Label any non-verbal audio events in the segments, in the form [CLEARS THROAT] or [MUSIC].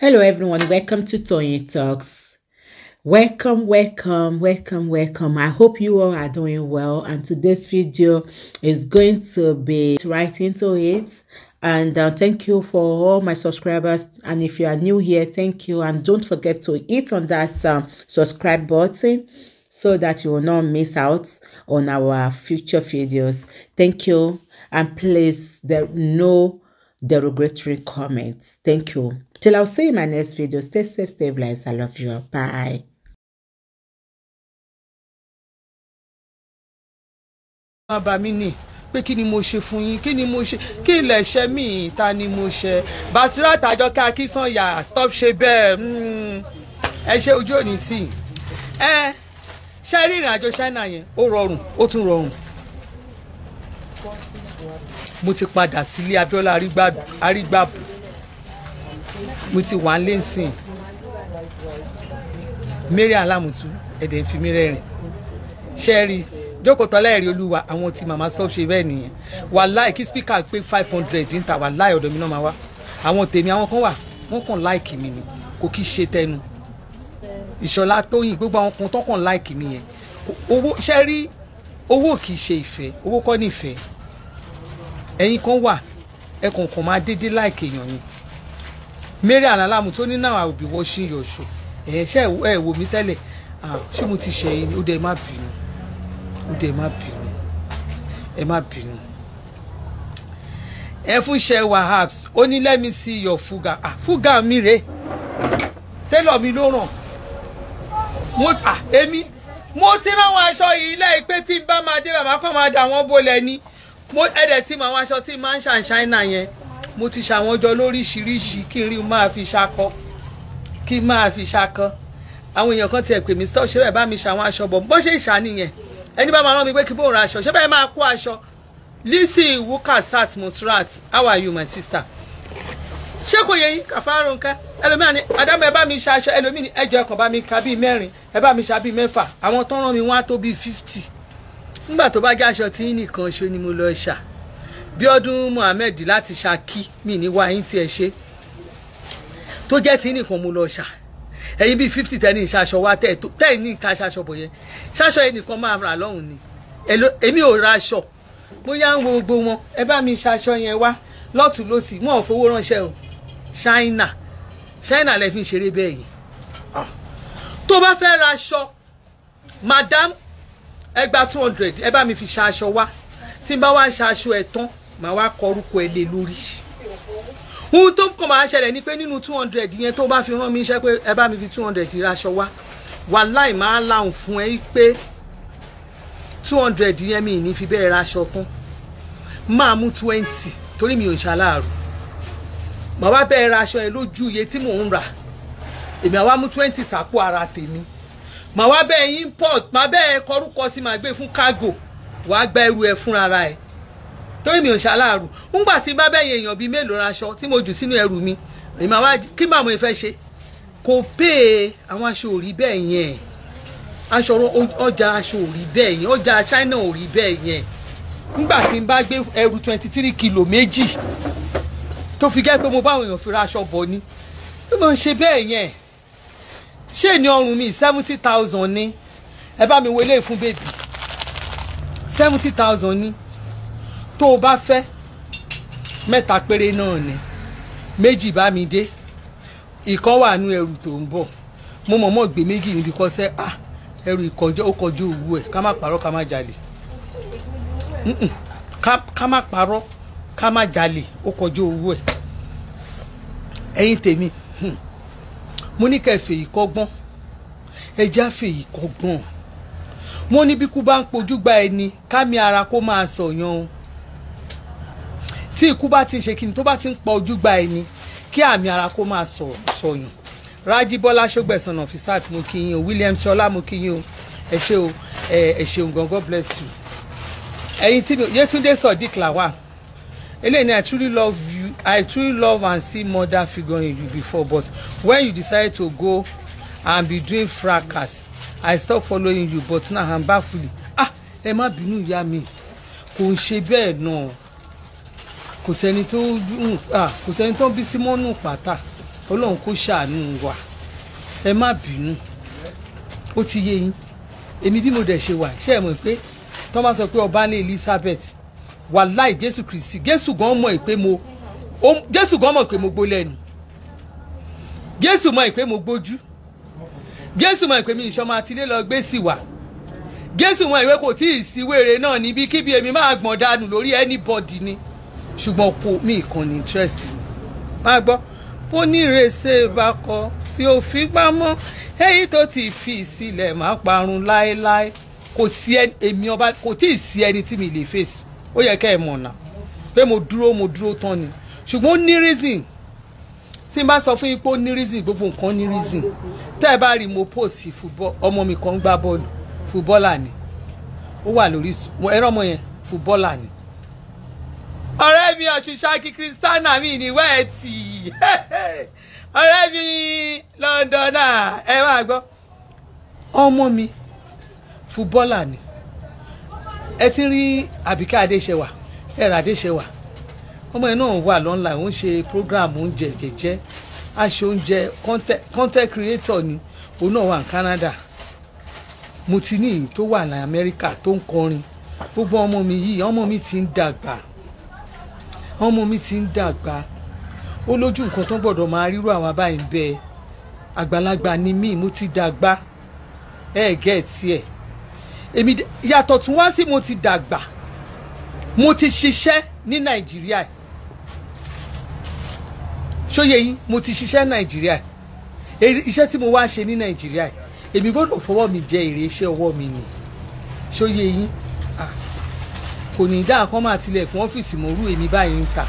Hello, everyone. Welcome to Tony Talks. Welcome, welcome, welcome, welcome. I hope you all are doing well. And today's video is going to be right into it. And uh, thank you for all my subscribers. And if you are new here, thank you. And don't forget to hit on that um, subscribe button so that you will not miss out on our future videos. Thank you. And please, there no derogatory comments. Thank you. Till I'll see you in my next video. Stay safe, stay blessed. I love you. Bye. bàbá mi nì pé kí ni mo ṣe fún yín kí ni mo ṣe kí n lè ṣe ta ni mo ṣe Basira Àjọkẹ́ Akínsànyà stop ṣe bẹ́ẹ̀ hmm. ẹ ṣe ojú òní tì ẹ ṣe rí ìrìn àjò China yẹn ó rọrùn ó tún rọrùn mo ti padà sílé Abíọ́lá Arígbàbù mo ti wà ń lé nsìn mary alamutu ẹ̀dẹ̀ ń fi mí rẹ́rìn ṣẹ́ẹ̀rì jókòó tọ́lá ẹ̀rí olúwa àwọn tí màmá sọ ṣe bẹ́ẹ̀ nìyẹn wàláì kí spíkà pé five hundred ń ta wàláì ọ̀dọ̀ mi náà máa wá àwọn tèmi àwọn kan wà wọ́n kàn láìkì mi ni kò kí ṣe tẹnu ìṣọ̀lá tóyìn gbogbo àwọn kan tó kàn láìkì mi yẹn owó ṣẹ́ẹ̀rì owó kì í ṣe ìfẹ́ owó kọ́ ní ìfẹ́ ẹ̀yin kan wà ẹ̀kọ̀ọ̀kan máa déédéé láìkì èèyàn yẹn Mary Alalamu tó ní now I will watching your show ẹ ṣe ẹ wò mí tẹ́lẹ̀ ṣé mo ti ṣe yín ni ó dẹ̀ má bínú ó dẹ̀ má bínú ẹ má bínú. ẹ fún ṣe wahabs ó ní let me see your fuga ah fuga mi rèé tẹ́lọ̀ mi ló ràn mo ah èmi mo ti rán àwọn aṣọ yìí lẹ́yìn pé tí n bá máa dé bàbá kan máa dà wọ́n bolẹ̀ ni mo ẹ̀dẹ̀ tí mo àwọn aṣọ tí máa ń ṣàn yẹn mo ti ṣàwọn jọ lóríṣiríṣi kí n rí máa fi ṣakọ kí n máa fi ṣakọ àwọn èèyàn kan tiẹ̀ pè mí stop ṣé bá mi ṣàwọn aṣọ bọ̀ bó ṣe ṣà nìyẹn ẹni bá máa rán mi pé kí bóun ra aṣọ ṣé máa kó aṣọ Lizzy Wukasat Musrat how are you my sister ṣé kò yẹ yín kàfárùn kẹ ẹlòmíràn ni àdámọ ẹ bá mi ṣe aṣọ ẹlòmíràn ni ẹjọ ẹkàn bá mi ka bíi mẹ́rin ẹ bá mi ṣe bíi mẹ́fà àwọn tó rán mi wọn á tó bíi fifty nígbà tó bá jẹ aṣọ tí yín nìkan ṣo ni mo lọ ṣà Bíọ́dún Mohammed láti Ṣakí mi ní wá yín tí ẹ ṣe tó jẹ́ tí nìkan mo lọ ṣà ẹ̀yin bíi fifty tẹ́ni ìṣaṣọ wa tẹ́ẹ̀ ní ìka ṣaṣọ bọ̀ yẹn ṣaṣọ yẹn nìkan máa rà lọ́hùn ni èmi ò ra aṣọ bóyá ń wo gbogbo wọn ẹ bá mi ṣaṣọ yẹn wá lọ́tún lọ́sì wọn ò fowó ránṣẹ́ o ṣáínà ṣáínà lẹ fi ń ṣeré bẹ́ẹ̀ yẹn ah. tó bá fẹ́ ra aṣọ madam ẹgbàá two hundred ẹ bá mi fi ṣaṣọ wá tí n bá wá ṣaṣọ ẹ̀ tán màá wá kọ orúkọ ẹ lé lórí ohun tó kàn máa ṣẹlẹ̀ ni pé nínú two hundred yẹn tó bá fi rán mi iṣẹ́ pé ẹ bá mi fi two hundred ra aṣọ wá wàláì máa láhùn fún ẹ pé two hundred yẹn mi ní fi bẹ́ẹ̀ ra aṣọ tán máa mú twenty torí mi ò ṣaláàrù màá bẹ́ẹ̀ ra aṣọ ẹ lójú iye tí mò ń rà èmi àwa mú twenty sàpò ara tèmi màá wá bẹ́ẹ̀ import màá bẹ́ẹ̀ kọrúkọ sí màá gbé fún cargo wàá gba ẹrù ẹ fúnra ẹ torí mi ò ṣaláàrù ńgbà tí bá bẹ́ẹ̀ èèyàn bíi mélòó raṣọ tí mo jù sínú ẹrù mi èmi àwa kí màá mo fẹ́ ṣe kò pé àwọn aṣọ ò rí bẹ́ẹ̀ yẹn aṣọ ọjà aṣọ ò rí bẹ́ẹ̀ yẹn ọjà China ò rí bẹ́ẹ̀ yẹn ńgbà tí n bá gbé ẹrù twenty three kilo méjì tó fi gẹ́ pé mo bá àwọn èèyàn fi raṣọ bọ̀ ni bí mo ṣe bẹ́ẹ̀ yẹn ṣé ní ọrùn mi seventy thousand ni ẹ bá mi wọlé fún bèbí seventy thousand ni. tó o bá fẹ́ mẹ́ta péré náà ni méjì bá mi dé ìkan wà nú ẹrù tó ń bọ̀ mo mọ̀ mọ́ gbé méjì sẹ́ ah ẹrù ìkọjọ́ ó kọjú òwú ẹ̀ ká má parọ́ ká má jalè ká hmm, mo ní ẹja mo ní bí kú bá ń mi ara kó máa sọ̀yàn o. tí ikú bá ti ń ṣe kíni tó bá ti ń pa ojú gba ẹni kí àmì ara kó máa sọ̀yàn rájí bọ́lá ṣọ́gbẹ̀sán náà fisat mú kí yín o william ṣọlá mú kí o ẹ ṣé o ẹ ṣeun gan god bless you ẹ̀yin tí yétúndé sọdík làwà eléyìí i truly love you i truly love and see mother figure in you before but when you decide to go and be doing fracas i stop following you but now i'm back fully ah ẹ má bínú ìyá mi kò ń ṣe bẹ́ẹ̀ náà kò sẹ́ni tó kò sẹ́ni tó bí símọ́nù pátá ọlọ́run kò ṣàánú wa ẹ má bínú ó ti yé yín èmi bí mo dẹ̀ ṣe wà ṣe é mọ̀ pé tó bá sọ pé ọba ní Elizabeth wàláì Jésù Kristi Jésù gan mọ̀ pé mo Jésù gan mọ̀ pé mo gbó lẹ́nu Jésù mọ̀ pé mo gbójú Jésù mọ̀ pé mi ìṣọmọ àtìlẹ́ lọ gbé sí wa Jésù mọ̀ ìwé kò tí ì sí wèrè náà níbikíbi èmi máa gbọ̀n dànù lórí anybody ni ṣùgbọ́n ọkọ mi kan ní interest mi má gbọ́ bó ní ìrèsè ìbákọ tí ò fi gbá mọ́ èyí tó ti fi ìsílẹ̀ má parun láéláé kò sí èmi ọba kò tí ì sí ẹni tí mi lè fèsì ó yẹ kẹ́ ẹ mọ̀ náà pé mo dúró mo dúró tán ni ṣùgbọ́n ó ní reason tí n bá sọ fún yín pé ó ní reason gbogbo nǹkan ní reason tẹ́ ẹ bá rí mo post football ọmọ mi kan ń gbá bọ́ọ̀lù footballer ni ó wà lórí ẹ̀rọ ọmọ yẹn footballer ni ọ̀rẹ́ mi ọ̀ṣunṣákí kristana mi níwẹ̀ ẹ̀ tì í ọ̀rẹ́ mi lọ́ndọ̀nà ẹ máa gbọ́ ọmọ mi fúbọ́là ni ẹ ti rí àbíkẹ́ adéṣẹwà ẹ̀rọ adéṣẹwà ọmọ ẹ náà wà lọ́nlà ó ń ṣe program oúnjẹ jẹjẹ aṣọ oúnjẹ content creator ni òun náà wà ní Canada mo ti ní ìyí tó wà ní Amẹ́ríkà tó ń kọrin gbogbo ọmọ mi yìí ọmọ mi ti ń dàgbà ọmọ mi ti ń dàgbà ó lójú nǹkan tó gbọ́dọ̀ máa ríru àwa báyìí ń bẹ àgbàlagbà ni mí mo ti dàgbà ẹ gẹ́ ẹ̀ tiẹ̀ èmi yàtọ̀ tún wá sí mo ti dàgbà mo ti ṣiṣẹ́ ní nàìjíríà ṣóye yín mo ti ṣiṣẹ́ nàìjíríà iṣẹ́ tí mo wá ṣe ní nàìjíríà èmi gbọ́dọ̀ fọwọ́ mi jẹ èrè iṣẹ́ ọwọ́ mi ni ṣóye yín ah kò ní dáa kán máa tilẹ̀kùn ọ́fíìsì mọ́rú èmi báyìí ń kà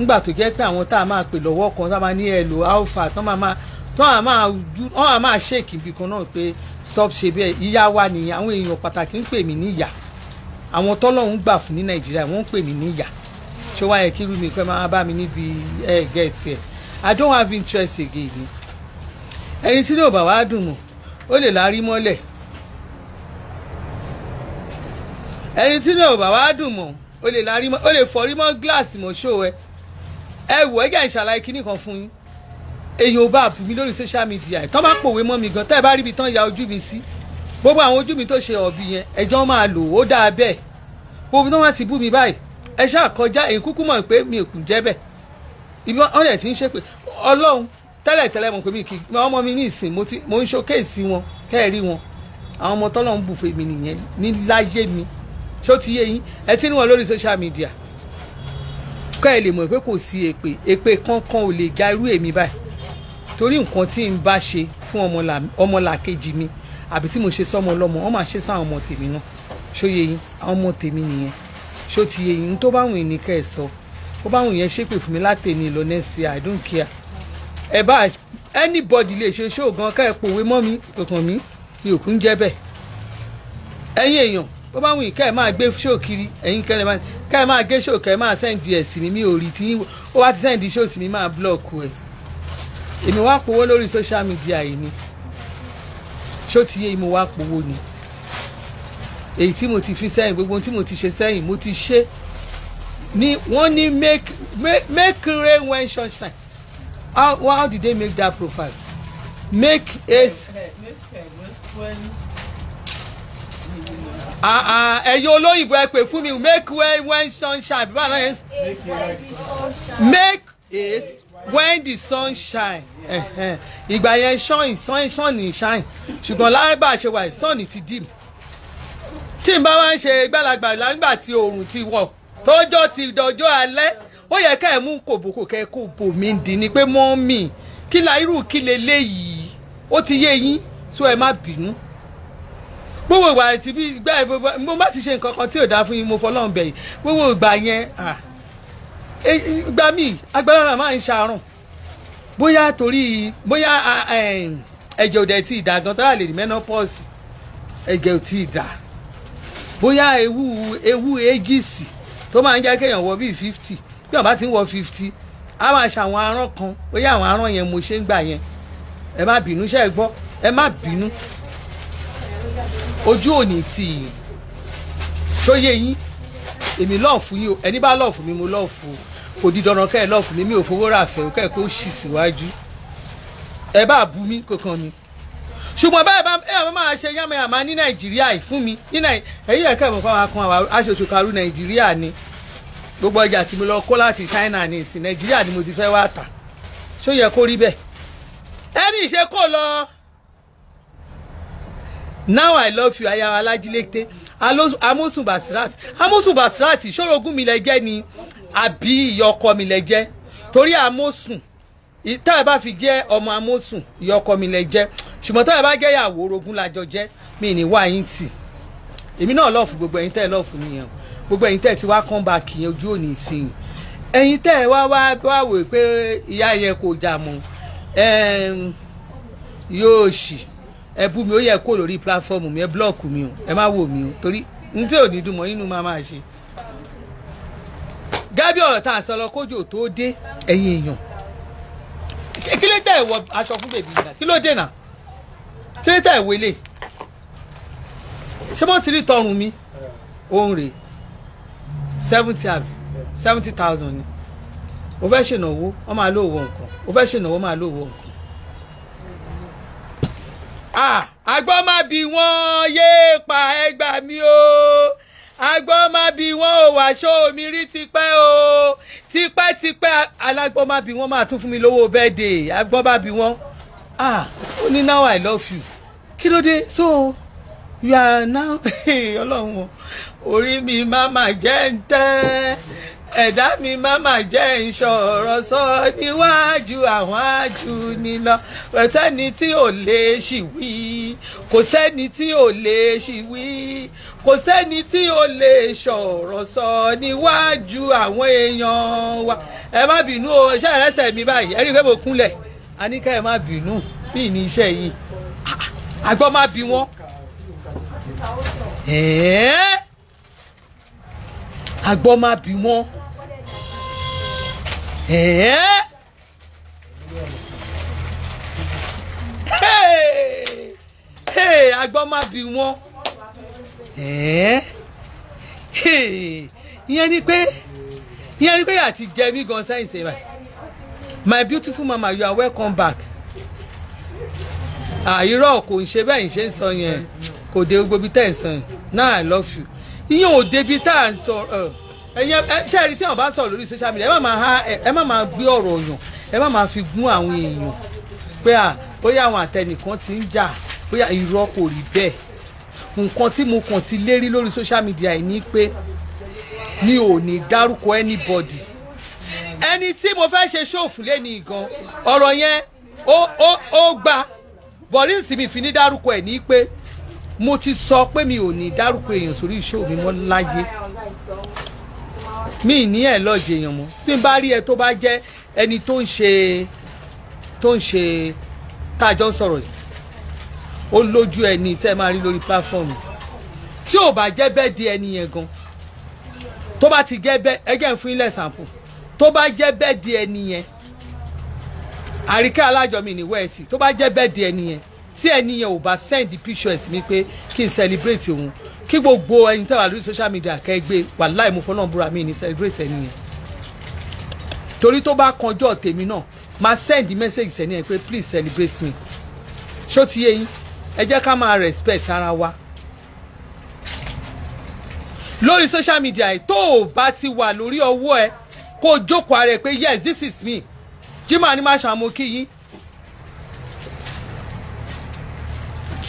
ńgbà tó jẹ́ pé àwọn tá a máa pè lọ́wọ́ kan tá a máa ní ẹ̀lò alpha tán máa tán a máa ju tán a máa ṣèkì ibi kan náà pé stop ṣe bẹ́ẹ̀ ìyá wa nìyẹn àwọn èèyàn pàtàkì ń pè mí níyà àwọn tọ́lọ́hún gbà fún ní nàìjíríà wọ́n ń pè mí níyà ṣé wáyé kí rú mi pé máa bá mi níbi ẹ̀ gẹ̀ẹ́tì ẹ̀ i don't have interest again ẹni tí ló bá wá dùn mọ́ ó lè lárí mọ́lẹ̀ ẹni tí náà ò bá wá dùn mọ́ o lè larí mọ́ o lè fọrí mọ́ gíláàsì mọ́ ṣó ẹ ẹ wò ẹ jẹ́ ìṣàlàyé kinní kan fún yín èèyàn ò bá bù mí lórí social media ẹ̀ tán bá pòwe mọ́ mi gan tẹ́ ẹ bá ríbi tán ya ojú mi sí gbogbo àwọn ojú mi tó ṣe ọ̀bì yẹn ẹjọ́ máa lò ó dáa bẹ́ẹ̀ gbogbo tán wá ti bú mi báyìí ẹ ṣáà kọjá èyí kúkú mọ̀ pé mi ò kùn jẹ́ bẹ́ẹ̀ ibi wọn lè ti ń ṣe pé ọlọ́run tẹ́lẹ̀ tẹ́lẹ̀ mọ̀ pé mi kì í ọmọ mi ní ìsìn mo ń ṣókèsí wọn kẹ́ẹ̀rí wọn àwọn ọmọ tọ́lọ́run bùfẹ́ mi nìyẹn ní láyé mi ṣó ti yé yín ẹ ti ní wọn lórí social media ká ẹ lè mọ̀ pé kò sí èpè èpè kankan ò lè ga irú èmi báyìí torí nǹkan tí n bá ṣe fún ọmọlàkejì mi àbí tí mo ṣe sọmọ ọlọmọ wọn máa ṣe sáwọn ọmọ tèmi náà ṣó yé yín àwọn ọmọ tèmi nìyẹn ṣó ti yé yín tó bá wùn ní kẹ́ ẹ sọ tó bá wùn yẹn ṣépè fún mi látẹ̀ni lọ nẹ́sì I don't care ẹ bá anybody lè ṣe ṣóògùn ká ẹ pòwe mọ́ mi kankan mi mi ò kún jẹ́ bẹ́ẹ̀ ẹ̀yin èèyàn bó bá wù yín ká ẹ máa gbé ṣó kiri ẹ̀yin kẹlẹ máa ká ẹ máa gbé ṣó kẹ ẹ máa sẹ́ǹdì ẹ̀ sí mi mi ò rí tí ó wá ti sẹ́ǹdì ṣó sí mi máa blọ́ọ̀kù ẹ̀ èmi wá powó lórí social media yìí ni ṣó ti yé mi wá powó ni èyí tí mo ti fi sẹ́yìn gbogbo ohun tí mo ti ṣe sẹ́yìn mo ti ṣe ni wọ́n ní make make rain when sunshine how how did they make that profile make haze. Ah, ah, ẹ̀yin olóyìnbó ẹ pè fún mi make way when sunshine bíbá náà make it when the sun shine ìgbà yẹn sun sun sun ni shine ṣùgbọ́n láyé bá a ṣe wà sun ti dim tí n bá wá ń ṣe gbàlagbà lágbà tí oòrùn ti wọ̀ tọ́jọ́ ti dọjọ́ alẹ́ ó yẹ ká ẹ̀ mú kòbòkò kẹ́ kó bò mí dì ní pé mọ́ mi kí la irú kí leléyìí ó ti yé yín so ẹ má bínú gbogbo ìgbà tí bí gbà mo má ti ṣe nǹkan kan tí ò dáa fún yín mo fọlọ́run bẹ̀yìn gbogbo ìgbà yẹn gbà mí agbára màmá ń ṣàrùn bóyá torí bóyá ẹ̀jẹ̀ ò dẹ̀ ti dà gan tọ́lá lè rí menopause ẹ̀jẹ̀ ò ti dà bóyá ewu ewu aegis tó máa ń jẹ́ kéèyàn wọ bíi fifty bí ọba ti ń wọ fifty a máa ṣàwọn aràn kan bóyá àwọn aràn yẹn mo ṣe ń gbà yẹn ẹ má bínú ṣe gbọ́ ẹ má bínú ojú ò ní tì yín ṣóyè yín èmi lọ́ọ̀fù yín o ẹni bá lọ́ọ̀fù mi mo lọ́ọ̀fù o kò di dandan kẹ́ ẹ lọ́ọ̀fù mi mi ò fowó rà fẹ́ o kẹ́ ẹ kó ṣì síwájú ẹ bá bu mi kankan mi ṣùgbọ́n báyìí bá ẹ àwọn máa ṣe yánmayàmá ní nàìjíríà yìí fún mi ní nàì èyí ẹ̀ka ìmọ̀ fáwọn akun àwọn aṣojú karu nàìjíríà ni gbogbo ọjà tí mo lọ kó láti China ní ìsìn nàìjíríà ni mo ti fẹ́ wá tà ṣó yẹ kó rí bẹ́ẹ̀ ẹni ìṣe kò lọ now i love you ayawa alájílété amosun basirat amosun basirat ìṣòrogún mi lẹ́jẹ́ ni abi ìyọkọ mi lẹ́jẹ́ torí amosun tá a bá fi jẹ́ ọmọ amosun ìyọkọ mi lẹ́jẹ́ ṣùgbọ́n tá a bá jẹ́ ìyàwó orogún lájọ jẹ́ mi ní wá yín tì èmi náà lọ́ọ̀fù gbogbo ẹ̀yin tẹ́ ẹ lọ́ọ̀fù nìyẹn gbogbo ẹ̀yin tẹ́ ẹ ti wá kán bá kìyẹn ojú òní ìsìn ẹ̀yin tẹ́ ẹ wá wá wá wò pé ìyá yẹn kò jà mọ́ yóò ṣì ẹ bú mi ó yẹ kó lórí platform mi ẹ blọọkù mi o ẹ má wò mí o torí n tí ò ní dùn mọ́ inú máa máa ṣe. gábí ọ̀rọ̀ tá a sọ lọ kójò tó dé ẹ̀yin èèyàn kí ló dé ẹ̀wọ̀ aṣọ fún bèbí ìgbà kí ló dé nà kí ló dé ẹ̀wọ̀ ṣé mo ti rí tọrùn mi òun rèé seventy àbí seventy thousand ni o fẹ́ ṣènáwó wọ́n máa lówó nǹkan o fẹ́ ṣènáwó máa lówó nǹkan àgbọ̀ má bí wọ́n yéé pa ẹgbà mi o àgbọ̀ má bí wọ́n ò wá ṣó omi rí tipẹ́ o tipẹ́tipẹ́ alágbọ̀ má bí wọ́n máa tún fún mi lówó birthday àgbọ̀ má bí wọ́n ah ó ní now i love you kí ló dé so you are now [LAUGHS] ọlọ́run orí mi má má jẹ́ ń tẹ́ ẹ̀dá mi máma jẹ́ ìṣòro sọ níwájú àwọn ajuni lọ kò sẹ́ni tí ò lè ṣì wí kò sẹ́ni tí ò lè ṣì wí kò sẹ́ni tí ò lè ṣọ̀rọ̀ sọ níwájú àwọn èèyàn wa ẹ má bínú o iṣẹ́ ìrẹsẹ̀ mi báyìí ẹ rí i pé mo kúnlẹ̀ àníkà ẹ má bínú bí ní iṣẹ́ yìí àgbọ̀ má bí wọ́n àgbọ̀ má bí wọ́n. Hey! Hey! Hey! Agbọ́mábì wọn. Hey! Hey! Ìyẹn ni pé ìyẹn ni pé àti jẹ mí gan sáyẹ̀nsì ẹ̀ báyìí. My beautiful mama you are welcome back. Àìrọ̀ kò ń ṣe bẹ́ẹ̀ ń ṣe ń sọ yẹn kò dé gbogbo ibi Now I love you. Ìyẹn o débi tá à ń Uh, ẹ̀yin ṣẹ́ẹ̀rí tí wọ́n bá sọ̀rọ̀ lórí social media ẹ má máa gbé ọ̀rọ̀ yàn ẹ má máa fi gún àwọn èèyàn pé à bóyá àwọn àtẹnìkan ti ń jà bóyá irọ́ kò rí bẹ́ẹ̀ nǹkan tí mo kàn ti lérí lórí social media ẹ̀ ní pé mi ò ní dárúkọ anybody ẹni tí mo fẹ́ ṣe ṣòfò lẹ́ni gan ọ̀rọ̀ yẹn ó ó ó gba bọ̀rísì mi fi ní dárúkọ ẹ̀ ní pé mo ti sọ pé mi ò ní dárúkọ èèyàn sórí show mi mọ́ láyé mi ní ẹ̀ lọ́ọ̀jì èèyàn mọ́ tí n bá rí ẹ tó bá jẹ́ ẹni tó ń ṣe tó ń ṣe tá a jọ ń sọ̀rọ̀ yìí ó lójú ẹni tẹ́ ẹ máa rí lórí pláfọ́ọ̀mù tí ò bá jẹ́ bẹ́ẹ̀ di ẹni yẹn gan tó bá ti jẹ́ bẹ́ẹ̀ ẹgẹ́ ń fún ilẹ̀ sàǹpù tó bá jẹ́ bẹ́ẹ̀ di ẹni yẹn àríkẹ́ alájọmi níwẹ̀ ẹ̀sì tó bá jẹ́ bẹ́ẹ̀ di ẹni yẹn tí ẹni yẹn ò bá send pictures mi pé kí n celebrate òun kí gbogbo ẹni tẹ́wà lórí social media kẹgbẹ́ wàláì mo fọ́nà búra mi ní celebrate ẹni yẹn torí tó bá kanjọ́ tèmi náà máa send message sẹ́ni ẹ̀ pé please celebrate me ṣó ti yé yín ẹ jẹ́ ká máa respect ara wa lórí social media ẹ tó o bá ti wà lórí ọwọ́ ẹ kó o jókòó ara ẹ pé yes this is me jimá ni má yín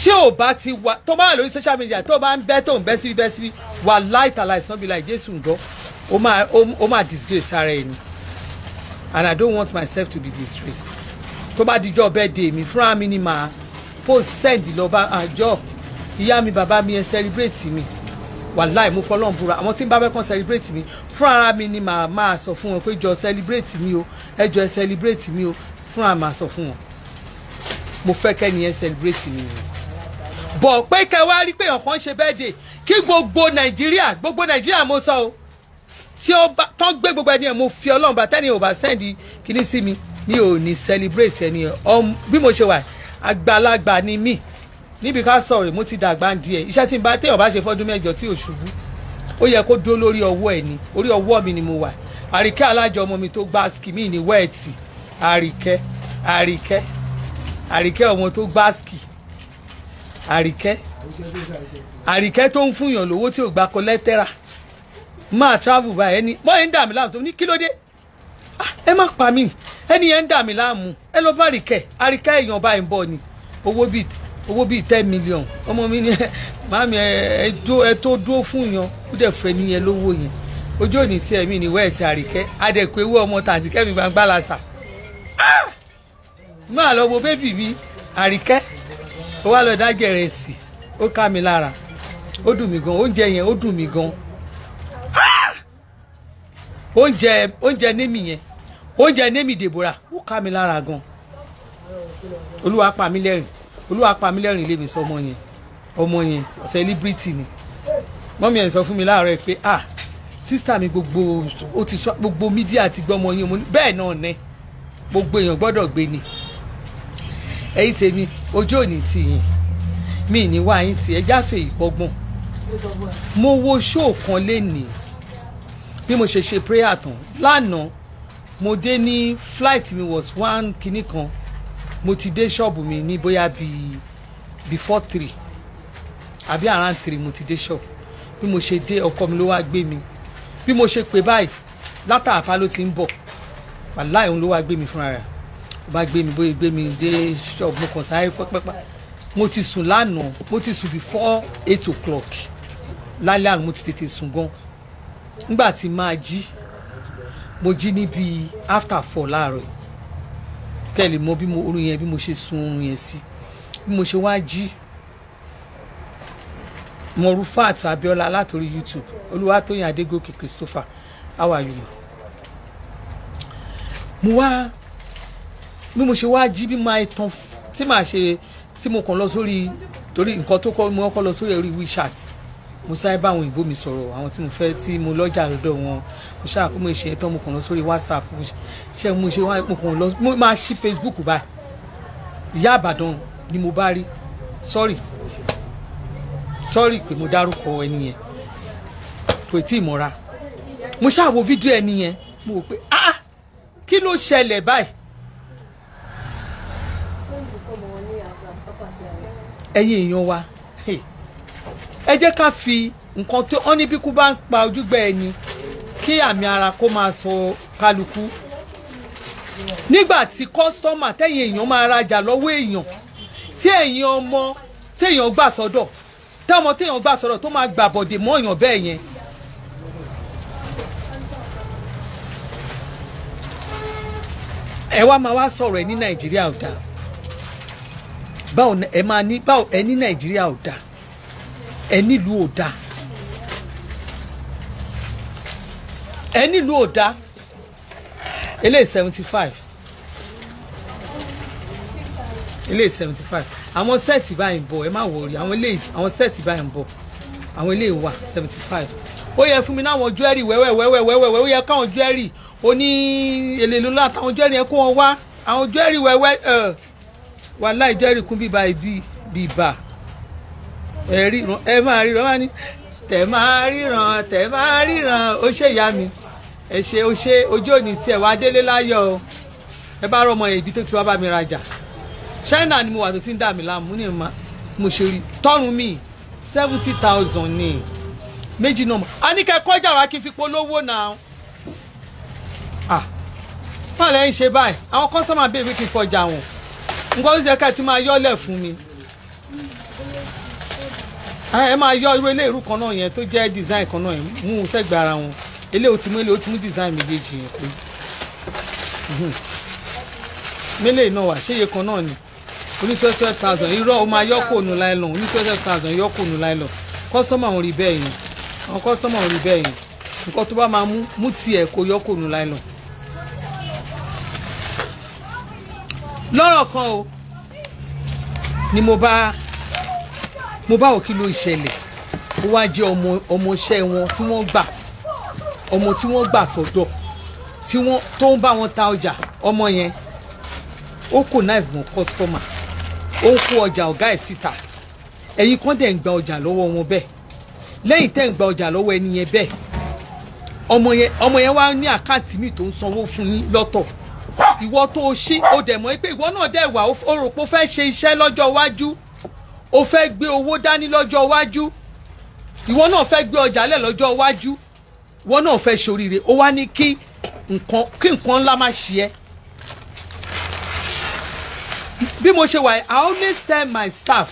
tí ò bá ti wà tó bá wà lórí social media tó bá ń bẹ́ tó ń bẹ́ síbi bẹ́ síbi wà láìtàlà ìsànbílà ìjésù ńgọ́ ó máa ó máa disgrace ara ẹni and I don't want myself to be disgraced tó bá dijọ́ birthday mi fúnra mi ni màá post send lọ bá àjọ ìyá mi bàbá mi ẹ celebrate mi wàláì mo fọlọ́n búra àwọn tí ń bá fẹ́ kàn celebrate mi fúnra mi ni màá máa sọ fún wọn pé jọ celebrate mi o ẹ jọ ẹ celebrate mi o fúnra màá sọ fún wọn mo fẹ́ kẹ́ni ẹ celebrate mi o bọ̀ pé kẹwàá rí pé ọ̀kan ṣe birthday kí gbogbo nàìjíríà gbogbo nàìjíríà mo sọ o tí ó bá tán gbé gbogbo ẹni ẹ̀ mo fi ọlọ́run bá tẹ́ni ò bá sẹ́ndì kíní sí mi mi ò ní celebrate ẹni ọm bí mo ṣe wà àgbàlagbà ni mí níbi ká sọ̀rọ̀ mo ti dàgbà díẹ̀ iṣẹ́ tí n bá téèyàn bá ṣe fọ́dún mẹ́jọ tí ò ṣubú ó yẹ kó dó lórí ọwọ́ ẹ̀ ni orí ọwọ́ mi ni mo wà àríkẹ́ alájọ ọmọ mi tó gbá ski mi ní wẹ́ẹ̀tì àríkẹ́ àríkẹ́ àríkẹ́ ọmọ tó gbá ski àríkẹ́ àríkẹ́ tó ń fúnyàn lówó tí ò gba kọlẹ́tẹ́rà máa travel báyìí ẹni mọ́ ẹ̀ ń dà mí láàmú tó ní kí ló dé ah, ẹ má pa mí ẹni yẹn ń dà mí láàmú ẹ lọ bá àríkẹ́ àríkẹ́ èèyàn báyìí ń bọ̀ ni owó bíi owó bíi ten million ọmọ mi ni màmí ẹ tó dúró fún yan ó dẹ̀ fẹ́ níyẹn lówó yẹn ojú òní tí ẹ̀mí ni wẹ́ẹ̀ ti àríkẹ́ adẹ̀kọ ewé ọmọ tàǹtí kẹ́mi gbangba làṣà ah! máa lọ wo bébì mi àríkẹ́ ó wá lọ dájẹ́ rẹ̀ sí ó ká mi lára ó dùn mí gan oúnjẹ yẹn ó dùn mí gan oúnjẹ oúnjẹ némi yẹn oúnjẹ némi dèbòrà ó ká mi lára gan olúwa pa mí lẹ́rìn olúwa pa mí lẹ́rìn lé mi sọ ọmọ yẹn ọmọ yẹn celebrity ni mọ́mí ẹ̀ sọ fún mi láàárọ̀ pé ah sísítà mi gbogbo ó ti sọ gbogbo mídíà ti gbọ́ ọmọ yẹn bẹ́ẹ̀ náà ní gbogbo èèyàn gbọ́dọ̀ gbé ni ẹ̀yin tèmi ojú òní ti yìn mi ní wá yín tì ẹ jáfe ìkọgbọ́n mo wo ṣóò kan lénìí bí mo ṣe ṣe prayer tán lánàá mo dé ní flight mi was one kinní kan mo ti dé ṣọ́ọ̀bù mi ní bóyá bíi before three àbí around three mo ti dé ṣọ́ọ̀bù bí mo ṣe dé ọkọ mi ló wá gbé mi bí mo ṣe pè báyìí látàpá ló ti ń bọ̀ wàláì ló wá gbé mi fúnra rẹ̀ bá gbé mi bóyá gbé mi dé shop mo kàn sáré fọ́ pẹ́pẹ́ mo ti sùn lánàá mo ti sùn before eight o'clock lálẹ́ àná mo ti tètè sùn gan nígbà tí máa jí mo jí níbi after four láàárọ̀ kẹ́lì mọ bí mo orun yẹn bí mo ṣe sun orun yẹn sí bí mo ṣe wá jí morufat abiola látòrí youtube olúwatóyìn adégòkè christopher how are you ma mo wá bí mo ṣe wá jí bí máa tán tí màá ṣe tí mo kàn lọ sórí torí nǹkan tó kọ́ mo kọ́ lọ sórí orí WeChat mo sáré bá àwọn ìbò mi sọ̀rọ̀ àwọn tí mo fẹ́ tí mo lọ́jà lọ́dọ̀ wọn mo ṣáà kó mo ṣe ẹ̀tọ́ mo kàn lọ sórí WhatsApp ṣe mo ṣe wá mo kàn lọ mo máa ṣí Facebook báyìí ìyá àbàdàn ni mo bá rí sorry sorry pé mo dárúkọ ẹni yẹn kò tí ì mọ́ra mo ṣáà wo fídíò ẹni yẹn mo wò pé ah, ah kí ló ṣẹlẹ̀ báyìí ẹ̀yin èèyàn wa ẹ jẹ́ ká fi nǹkan tó ọ́ ní bí kú bá ń pa ojúgbà ẹni kí àmì ara kó máa sọ kálukú nígbà tí kọ́sítọ́mà tẹ̀yìn èèyàn máa rajà lọ́wọ́ èèyàn tí ẹ̀yin ọmọ téèyàn gbà sọ́dọ̀ táwọn téèyàn gbà sọ́dọ̀ tó máa gbà bọ̀dẹ̀ mọ́ èèyàn bẹ́ẹ̀ yẹn ẹ wá máa wá sọ̀rọ̀ ẹ ní nàìjíríà ọ̀dà báwo ẹ máa ní báwo ẹ ní nàìjíríà ò dáa ẹ nílùú ò dáa ẹ nílùú ò dáa eléyìí seventy five eléyìí seventy five àwọn sẹ́ẹ̀tì báyìí ń bọ̀ ẹ má wọrí àwọn eléyìí àwọn sẹ́ẹ̀tì báyìí ń bọ̀ àwọn eléyìí wà seventy five ó yẹ fún mi náwọn jewelry wẹ́wẹ́ wẹ́wẹ́ wẹ́wẹ́ ó yẹ káwọn jewelry oní èlé lọ́la àtàwọn jewelry yẹn kó wọn wá àwọn jewelry wẹ́wẹ́ ẹ̀ wàhálà ìjẹ́rìkún bíbá ibi bíbá ẹ ríran ẹ máa ríran wá ní tẹ̀ máa ríran tẹ̀ máa ríran ó ṣe ìyá mi ẹ ṣe ó ṣe ojú òní tiẹ̀ wá délé láyọ̀ o ẹ bá rọmọ yẹn ibi tó ti wá bá mi rajà China ni mo wà tó ti ń dà mí láàmú ní ìmọ̀ mo ṣe rí tọ́run mi seventy thousand ni méjì náà mọ̀ a ní kẹ́ kọjá wa kí n fi polówó náà ah wọn lẹ́yìn ṣe báyìí àwọn kọ́sọ́mà bèbí kì í fọjà wọn nǹkan tó ṣe ká ti máa yọ́lẹ̀ fún mi ẹ máa yọ irú ilé ìrú kan náà yẹn tó jẹ́ design kan náà yẹn mú un sẹ́gbẹ̀ ara wọn ilé ò ti mú ilé ò ti mú design méjèèjì yẹn pé mhm. mélèé náà wà ṣéye kan náà ni oní twelve twelve thousand irọ́ o máa yọ́kò nù láìlọ́n oní twelve twelve thousand yọ́kò nù láìlọ́n kọ́sọ́mà òun rí bẹ́ẹ̀ yẹn àwọn kọ́sọ́mà òun rí bẹ́ẹ̀ yẹn nǹkan tó bá máa mú mú tiẹ̀ kó yọ́kò nù láìlọ́n lọ́rọ̀ kan o ni mo bá mo bá òkè ló ìṣẹ̀lẹ̀ ó wá jẹ́ ọmọ ọmọọṣẹ́ wọn tí wọ́n gbà ọmọ tí wọ́n gbà sọ́dọ̀ tí wọ́n tó ń bá wọn ta ọjà ọmọ yẹn ó kò knife mọ́ kọ́sítọ́mà ó ń kó ọjà ọ̀gá ẹ̀ síta ẹ̀yin kan dẹ̀ ń gba ọjà lọ́wọ́ wọn bẹ́ẹ̀ lẹ́yìn tẹ́ ń gba ọjà lọ́wọ́ ẹni yẹn bẹ́ẹ̀ ọmọ yẹn wá ní àkáǹtì míì tó ń sanwó fún yín lọ́tọ̀ ìwọ tó o ṣí o dẹ̀ mọ̀ pé ìwọ náà dẹ̀ wà o rò pé o fẹ́ ṣe iṣẹ́ lọ́jọ́ iwájú o fẹ́ gbé owó dání lọ́jọ́ iwájú ìwọ náà fẹ́ gbé ọjà lẹ̀ lọ́jọ́ iwájú ìwọ náà fẹ́ ṣoríire o wá ní kí nǹkan kí nǹkan ńlá má ṣe ẹ́ bí mo ṣe wà I always tell my staff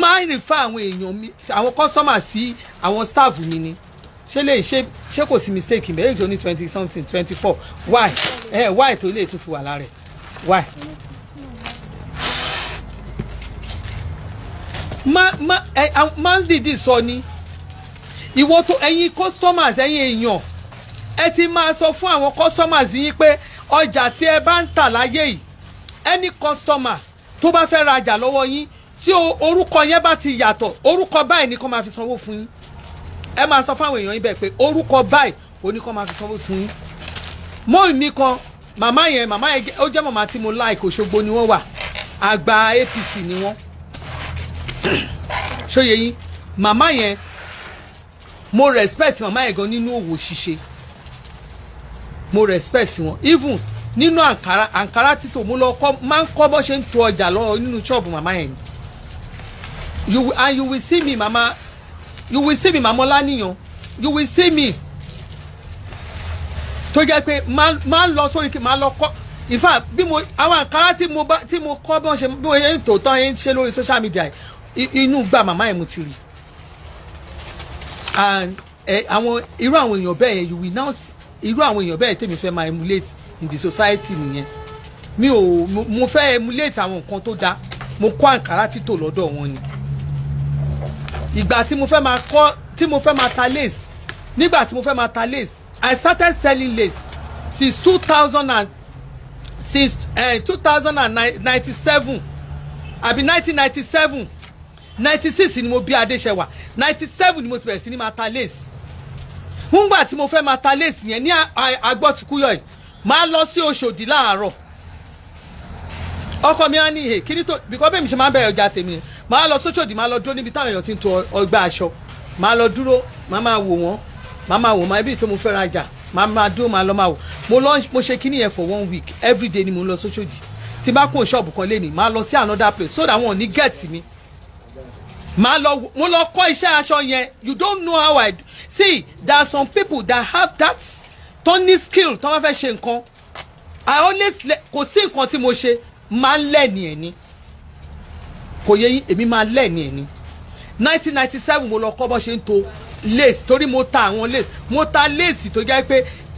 máa ń refer àwọn èèyàn mi àwọn customer sí àwọn staff mi ni ṣé lè ṣe ṣé kò sí mistake mẹ́ èjì oní twenty something twenty four why Eh? why tó lè tún fi wà lára ẹ why. Ma ma. ẹ má dìdí sọ ni ìwọ tó ẹ̀yin customers ẹ̀yin èèyàn ẹ ti máa sọ fún àwọn customers yín pé ọjà tí ẹ bá ń tà láyé yìí any customer tó bá fẹ́ rajà lọ́wọ́ yín tí orúkọ yẹn bá ti yàtọ̀ orúkọ báyìí ni kó máa fi sanwó fún yín ẹ máa sọ fáwọn èèyàn yín bẹ́ẹ̀ pé orúkọ báyìí oníkan máa fi sanwó sí yín mọ́ nìkan màmá yẹn màmá yẹn ó jẹ́ màmá tí mo like Òṣogbo ni wọ́n wà àgbà APC ni wọ́n [CLEARS THROAT] ṣóye yín màmá yẹn mo respect màmá yẹn gan nínú òwò ṣíṣe mo respect wọn even nínú àǹkárá Ankara, títò mo lọ kọ́ máa ń kọ́ bó ṣe ń to ọjà lọ nínú ṣọ́ọ̀bù màmá yẹn you and you will see me mama you will see me màmá ọlánìyàn you will see me tó jẹ́ pé máa ń lọ sórí kí máa lọ kọ́ in fact bí mo àwọn àǹkárá tí mo bá tí mo kọ́ bí wọ́n ṣe bí wọ́n ṣe ń tòótọ́ yẹn ń ṣe lórí social media inú gba màmá yẹn mo ti rí and àwọn irú àwọn èèyàn bẹ́ẹ̀ yẹn you will now irú àwọn èèyàn bẹ́ẹ̀ tèmi fẹ́ máa emulate in the society nìyẹn mi ò mo fẹ́ emulate àwọn nǹkan tó da. mo kọ́ àǹkárá títò lọ́dọ̀ wọn ni ìgbà tí mo fẹ́ máa kọ́ tí mo fẹ́ máa ta lace nígbà tí mo fẹ́ máa ta lace I started selling lace since two thousand and since eh, two thousand and ninety seven àbí nineteen ninety seven ninety six ni mo bí Adéṣẹwà ninety seven ni mo ti bẹ̀rẹ̀ sí ni máa ta lace nígbà tí mo fẹ́ máa ta lace yẹn ní agbọ́tukúyọ̀ yìí máa lọ sí Ọ̀ṣọ́dì láàárọ̀ ọkọ mi á ní ìhè kí ni tó bíkọ́ bẹ́ẹ̀ mi ṣe máa bẹ̀rẹ̀ ọjà tèmi yẹn máa lọ sóṣòdì máa lọ dúró níbi táwọn èèyàn ti ń to ọgbà aṣọ máa lọ dúró máa máa wò wọ́n máa máa wò máa ibi tí mo fẹ́ rajà máa máa dúró máa lọ máa wò mo lọ mo ṣe kíní yẹn for one week every day ni mo ń lọ sóṣòdì tí bá kó ṣọ́ọ̀bù kan lé ní máa lọ sí another place so that wọn ò ní gẹ̀ẹ́tì mi máa lọ mo lọ kọ́ iṣẹ́ aṣọ yẹn you don't know how I do. see there are some people that have that turning skill tí wọ́n bá fẹ́ ṣe nǹkan I always kò sí nǹkan tí mo ṣe máa ń lẹ́ni ẹ̀ ni kò yẹ yín èmi máa lẹ́ẹ̀ni ẹ̀ ni nineteen ninety seven mo lọ kọ́ bọ́ ṣe ń to lace torí mo ta àwọn lace mo ta lace tó jẹ́ pé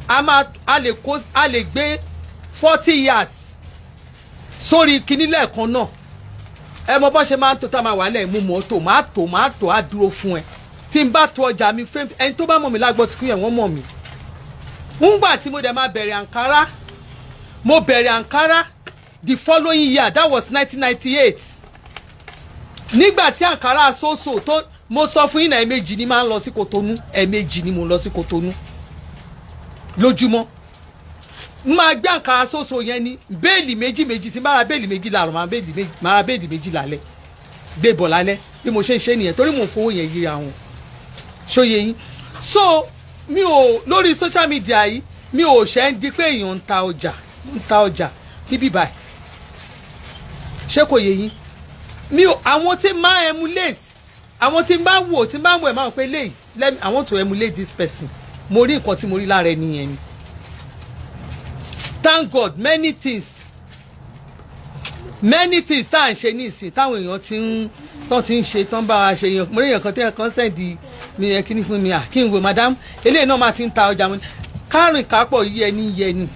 a máa a lè kó a lè gbé forty years sórí kinní lẹ́ẹ̀kan náà ẹ mọ bọ́ ṣe máa ń tó tá a máa wà lẹ̀ mú mọ́ tó máa tó máa tó á dúró fún ẹ tí n bá to ọjà mi fẹ́ ẹni tó bá mọ̀ mí lágbọ́ tí kú yẹn wọ́n mọ̀ mí ngbà tí mo dẹ̀ máa bẹ̀rẹ̀ Ankara mo bẹ̀rẹ̀ Ankara the following year that was nineteen ninety eight nígbà tí àkàrà soso tó mo sọ fún yín náà ẹ̀ẹ̀mejì ni máa ń lọ sí Kotonu ẹ̀ẹ̀mejì ni mo lọ sí Kotonu lójúmọ́ máa gbé àkàrà soso yẹn ni béèlì méjì méjì tí máa béèlì méjì làárọ̀ máa béèlì méjì máa béèlì méjì lálẹ́ gbé bọ̀ lálẹ́ bí mo ṣe ń ṣe nìyẹn torí mò fowó yẹn yíra wọn ṣóye yín so mi ò lórí social media yìí mi ò ṣe ń di pé èèyàn ń ta ọjà ń ta ọjà níbí báyìí ṣé kò yé yín mi ò àwọn tí máa emulate àwọn tí máa wò tí máa wò ẹ̀ máa pé léyìí let me i want to emulate this person mo rí nǹkan tí mo rí lára ẹni yẹn ni thank god many things many things tá à ń ṣe ní ìsìn táwọn èèyàn ti ń tán ti ń ṣe tán bá wa ṣe yẹn mo rí èèyàn kan tẹ́yàn kan sẹ́ndì mi yẹn kíní fún mi à ah, kí n wo madam eléyìí náà máa ti ń ta ọjà mo ní kárìn kápọ̀ yẹni yẹni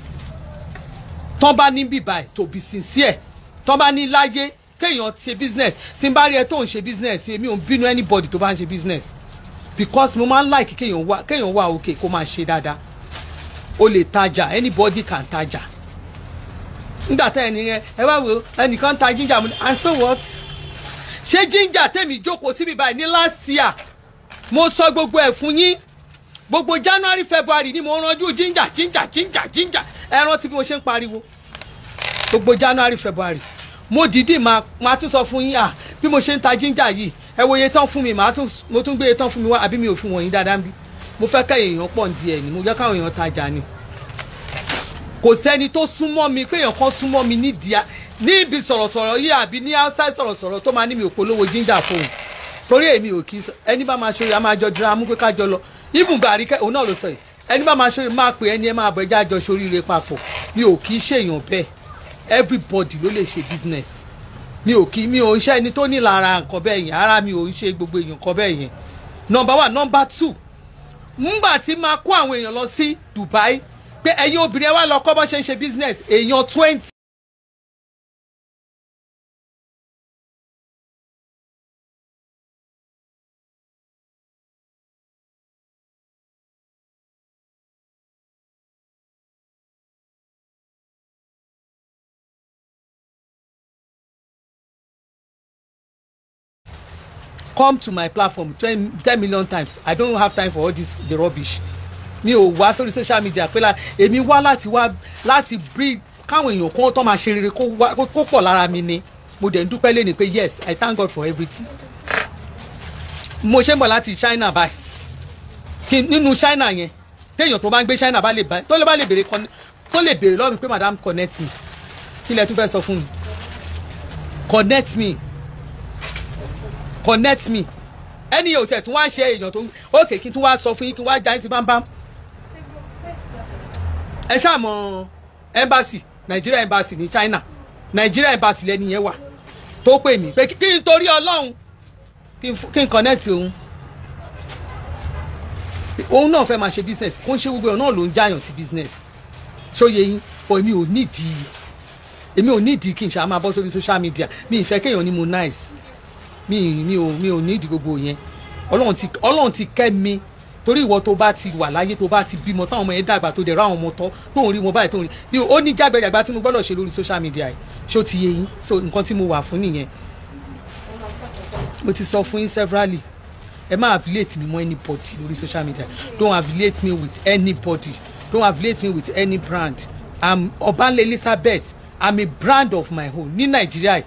tán bá ní bíbá ẹ̀ tòbí sincere tán bá ní láyé kéèyàn ṣe business tí n bá rí ẹ tó ń ṣe business èmi ò bínú anybody tó bá ń ṣe business because mo máa ń like kéèyàn wá kéèyàn wá òkè kó máa ṣe dáadáa o lè tajà anybody can tajà nígbà tá ẹni yẹn ẹ wá wo ẹnìkan ta ginger mu and so what ṣé ginger tèmi jókòó síbi báyìí ní last year mo sọ gbogbo ẹ̀ fún yín gbogbo january february ni mo rànjú ginger ginger ginger ginger ẹran tí mo ṣe ń pariwo gbogbo january february mo dìídì ma tún sọ fún yín à bí mo ṣe ń ta jíńjà yìí ẹ wo iye tán fún mi mo tún gbé iye tán fún mi wá àbí mi ò fún wọ̀nyí dáadáa bí mo fẹ́ ká èèyàn pọ̀ ní ẹ̀ ni mo jẹ́ káwọn èèyàn tajà ni kò sẹ́ni tó súnmọ́ mi pé èèyàn kan súnmọ́ mi nídìí níbi sọ̀rọ̀sọ̀rọ̀ yìí àbí ní outside sọ̀rọ̀sọ̀rọ̀ tó máa ní mi ò polówó jíńjà fóun torí èmi ò kí ẹni bá máa ṣòro a máa jọ dira mú pé ká jọ lọ ibùn gàrí kẹ òun náà ló sọ yìí ẹni bá máa ṣòro máa pè ẹni ẹ máa bọ ẹjẹ àjọ ṣoríire papọ̀ mi ò kí ṣèyàn bẹ́ẹ̀ everybody ló lè ṣe business mi ò kí mi ò ń ṣe ẹni tó ní lára nǹkan bẹ́ẹ̀ yẹn ara mi ò ń ṣe gbogbo èèyàn nǹkan bẹ́ẹ̀ yẹn number one number two ngbà tí máa kó àwọn èèyàn lọ sí Dubai pé ẹ̀yin obìnrin ẹ wá lọ kọ́ bọ́ ṣe ń ṣe business èèyàn twenty come to my platform ten ten million times i don't have time for all this the rubbish mi ò wá sórí social media pé èmi wá lati, wá lati breed káwọn èèyàn kan tó máa ṣe rere kó pọ̀ lára mi ni mo dẹ̀ ń dúpẹ́ lẹ́ni pé yes i thank god for everything mo ṣe ń bọ̀ láti china báyìí nínú china yẹn téèyàn tó bá ń gbé china bá lè tó lè bá lè béèrè tó lè béèrè lọ́wọ́ mi pé madam connect me kí lẹ tún fẹ́ sọ fún mi connect me connect me ẹni yóò tẹ̀ tí wọ́n á ṣe èèyàn tó ń òkè kí n tún wá sọ fún yín kí n wá já yín sí bámbám. ẹ ṣáà mọ embassy Nigeria embassy ní China Nigeria embassy lẹ́ni yẹn wà tó pè mí pé kí n torí Ọlọ́run kí n connect òun òun náà fẹ́ máa ṣe business kó ń ṣe gbogbo ẹ̀ náà ló ń jáyàn sí business ṣóye yín o èmi ò nídìí èmi ò nídìí kí n ṣe àmà bọ́ sórí social media mi ìfẹ́ kéèyàn ni mo nice mi mi ò mi ò ní ìdí gbogbo yẹn ọlọ́run ti ọlọ́run ti kẹ́ mi torí ìwọ tó bá ti wà láyé tó bá ti bímọ táwọn ọmọ yẹn dàgbà tó dẹ̀ ráwọn ọmọ tọ́ tó ń rí wọn báyìí tó ń rí mi ò ní jágbẹ́jàgbá tí mo gbọ́dọ̀ ṣe lórí social media yìí ṣó ti yé yín so nǹkan tí mo wà fún nìyẹn mo ti sọ fún yín severally ẹ má affiliate mi mọ́ anybody lórí social media don't affiliate me with anybody don't affiliate me with any brand i'm Obanla Elizabeth i'm a brand of my own ní nàìjíríà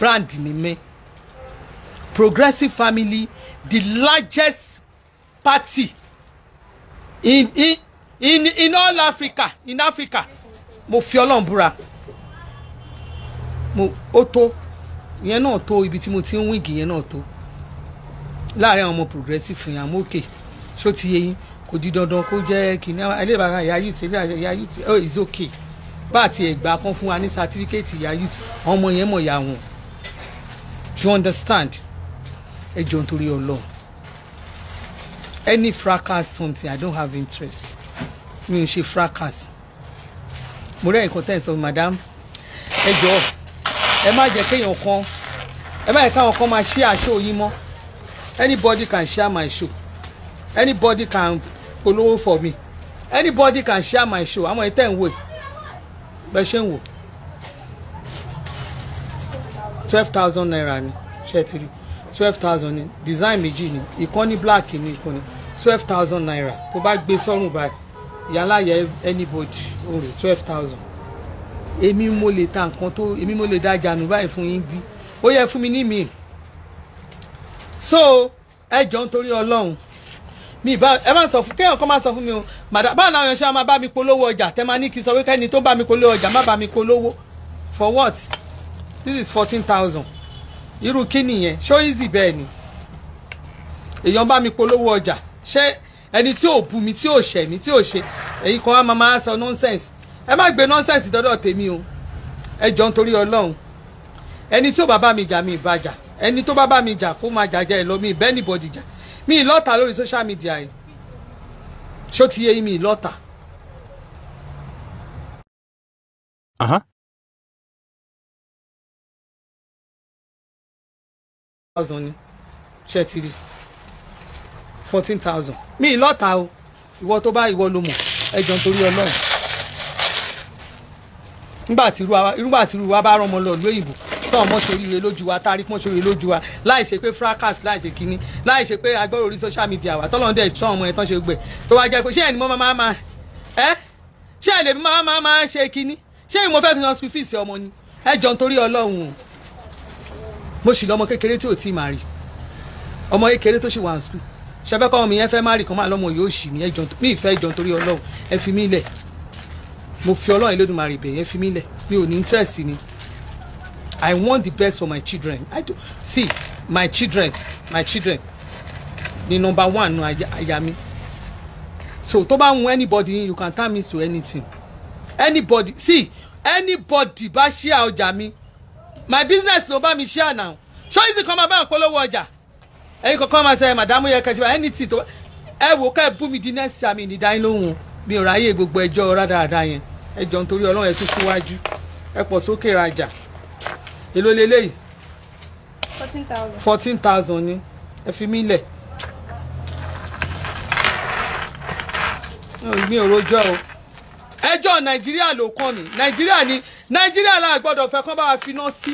brand ni mi progressive family the largest party in in in, in all Africa in Africa mo fi Ọlọ́run búra mo ó tó ìyẹn náà tó ibi tí mo ti ń wíìgì yẹn náà tó láàrin àwọn ọmọ progressive yẹn àmọ́ òkè ṣó ti yẹ yín kò di dandan kó jẹ́ kìnìún àwọn ẹlẹ́bàá ìyá youth ìyá youth oh it's okay bá àti ẹ̀gbà kan fún wa ní sátífíkẹ́ẹ̀tì ìyá youth ọmọ yẹn mọ̀ ìyá wọn you understand ẹ jọ nítorí Ọlọ́run any fracas something i don't have interest mi ò ṣe fracas mo rẹ́ nǹkan tẹ́yìn madam ẹ jọ ẹ má jẹ́ kéèyàn kan ẹ má jẹ́ káwọn kan máa share show yín mọ́ anybody can share my show anybody can polówó for me anybody can share my show àwọn ìtẹ̀ ń wò bẹ́ẹ̀ ṣe ń wò twelve thousand naira ni ṣe ti rí twelve thousand ni design méjì ni ìkan black ni ìkan twelve thousand naira tó bá gbé sọ́rùn báyìí ìyálà yẹ anybody ó twelve thousand èmi mo lè ta nǹkan tó èmi mo lè dájà nù báyìí fún yín bí ó yẹ fún mi ní mi so ẹ jọ nítorí ọlọ́run mi ìbá ẹ má sọ fún kéèyàn kan má sọ fún mi o màdà báwo làwọn èèyàn ṣe máa bá mi polówó ọjà tẹ máa ní kí n sọ wípé ẹni tó bá mi polówó ọjà má bá mi polówó for what this is fourteen thousand irú kí nìyẹn ṣó easy bẹ́ẹ̀ ni èèyàn bá mi polówó ọjà ṣé ẹni tí ò bu mi tí ò ṣẹ̀ mi tí ò ṣe èyí kan wá máa máa sọ nonsense ẹ má gbé nonsense dọ́dọ̀ tèmi o ẹ jọ nítorí ọlọ́run ẹni tí ò bá bá mi jà mi ìbàjà ẹni tó bá bá mi jà kó máa jàjà ẹ lọ mi ìbẹ́ anybody jà mi ìlọ́ta lórí social media yìí ṣó ti yé mi ìlọ́ta. thousand ni ṣe ti rí fourteen thousand mi lọ́ta o ìwọ tó bá ìwọ ló mọ̀ ẹ jọ nítorí ọlọ́run nígbà tí irú wa bá rọmọ lọ lóyìnbó náà mọ̀ ṣe oríire lójú wa tá a rí mọ̀ ṣe oríire lójú wa láì ṣe pé fracas láì ṣe kínní láì ṣe pé agbọ́rò orí social media wa tọ́lọ́run dẹ̀ tán ọmọ ẹ̀ tán ṣe gbẹ̀ tó wá jẹ́ pé ṣé ẹni mo máa máa ẹ́ ṣé ẹni mo máa máa ṣe kínní ṣé ìmọ̀ fẹ́ fi san school fees ọmọ ni ẹ jọ nítorí ọlọ́run o mo sì lọ́mọ kékeré tí ò tí ì rí ọmọ kékeré tó sì wà ní sùkúl ṣẹfẹ́ kọ́ fẹ́ má rí kan máa lọ́mọ yóò ṣì ní ẹjọ́ mi ìfẹ́ ìjọ torí ọlọ́run ẹ fi mí lẹ̀ mo fi ọlọ́run Elédùmarè bẹ̀ yẹn fi mí lẹ̀ mi ò ní interest ni I want the best for my children I do see my children my children ni number one nu aya mi so tó bá wù anybody you can tell me to anything anybody see anybody bá ṣí ọjà mi my business ló bá mi ṣe àná ṣó easy kan máa bá ìpolówó ọjà ẹyin kankan máa ṣe màdámù yẹ kẹṣẹ anything tó ẹ wò ká ẹ bú mi di next time ìdáyín lóhùn mi ò ráyè gbogbo ẹjọ́ rádaràda yẹn ẹ jọ nítorí ọlọ́run ẹ tún síwájú ẹ pọ̀ sókè rajà èló leléyìí fourteen thousand fourteen thousand ni ẹ fi mí lẹ̀ mi ò rojọ́ o ẹjọ́ nàìjíríà ló kàn ní nàìjíríà ni nàìjíríà la gbọ́dọ̀ fẹ́ kán bá wa finá sí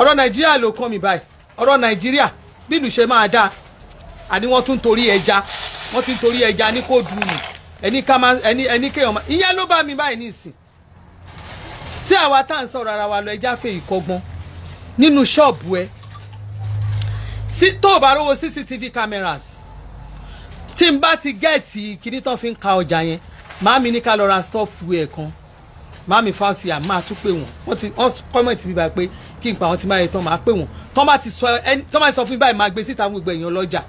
ọ̀rọ̀ nàìjíríà ló kàn mí báyìí ọ̀rọ̀ nàìjíríà bí ìlú ṣe máa dáa àní wọ́n tún torí ẹja wọ́n ti torí ẹja ní kò dùn mí ẹni ká máa ẹni ẹni kéèyàn máa ìyẹn ló bá mi báyìí nísìn sí àwa tá à ń sọ̀rọ̀ ara wa lọ ẹja fẹ́ ìkọgbọ́n nínú ṣọ́ọ̀bù ẹ tó o bá rówó cctv cameras tí n bá ti gẹ́ẹ̀tì kíní fi ń ka ọjà yẹn màámi ní ká lọ ra software kan màámi fásiyà máa tún pè wọ́n wọ́n ti wọ́n kọ́mẹ̀tì bíbá pé kí n pa àwọn tí máa yẹ tán máa pè wọ́n tán bá ti sọ ẹni tán bá ti sọ fún mi báyìí máa gbé síta fún ìgbẹ̀yìn ọlọ́jà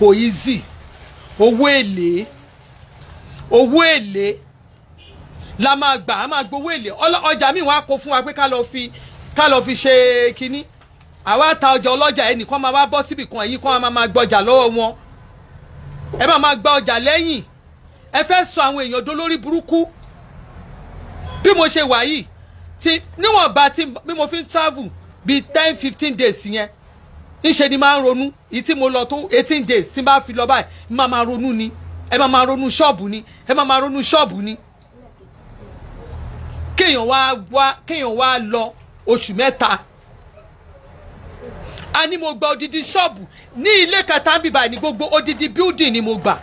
kò easy owó èlé owó èlé la máa gbà á máa gbowó èlé ọjà míì wọ́n kó fún wa pé ká lọ fi ká lọ fi ṣe kínní àwa ta ọjà ọlọ́jà ẹnìkan máa wá bọ́ síbì kan èyí kan máa máa gbọ́jà lọ́wọ́ wọn ẹ máa máa gba ọjà lẹ́yìn ẹ fẹ́ sọ àwọn èèyàn dolórí burúkú bí mo ṣe wà yìí ti níwọ̀nba tí bí mo fi ń travel bíi ten fifteen days yẹn ńṣe ni máa ń ronú èyí tí mo lọ tó eighteen days tí n bá fi lọ báyìí máa máa ronú ni ẹ máa máa ronú ṣọ́ọ̀bù ni ẹ máa máa ronú ṣọ́ọ̀bù ni kéèyàn wá wá kéèyàn wá lọ oṣù mẹ́ta a ní mo gba odidi ṣọ́ọ̀bù ní ilé kẹta bíbá ní gbogbo odidi building ni mo gbà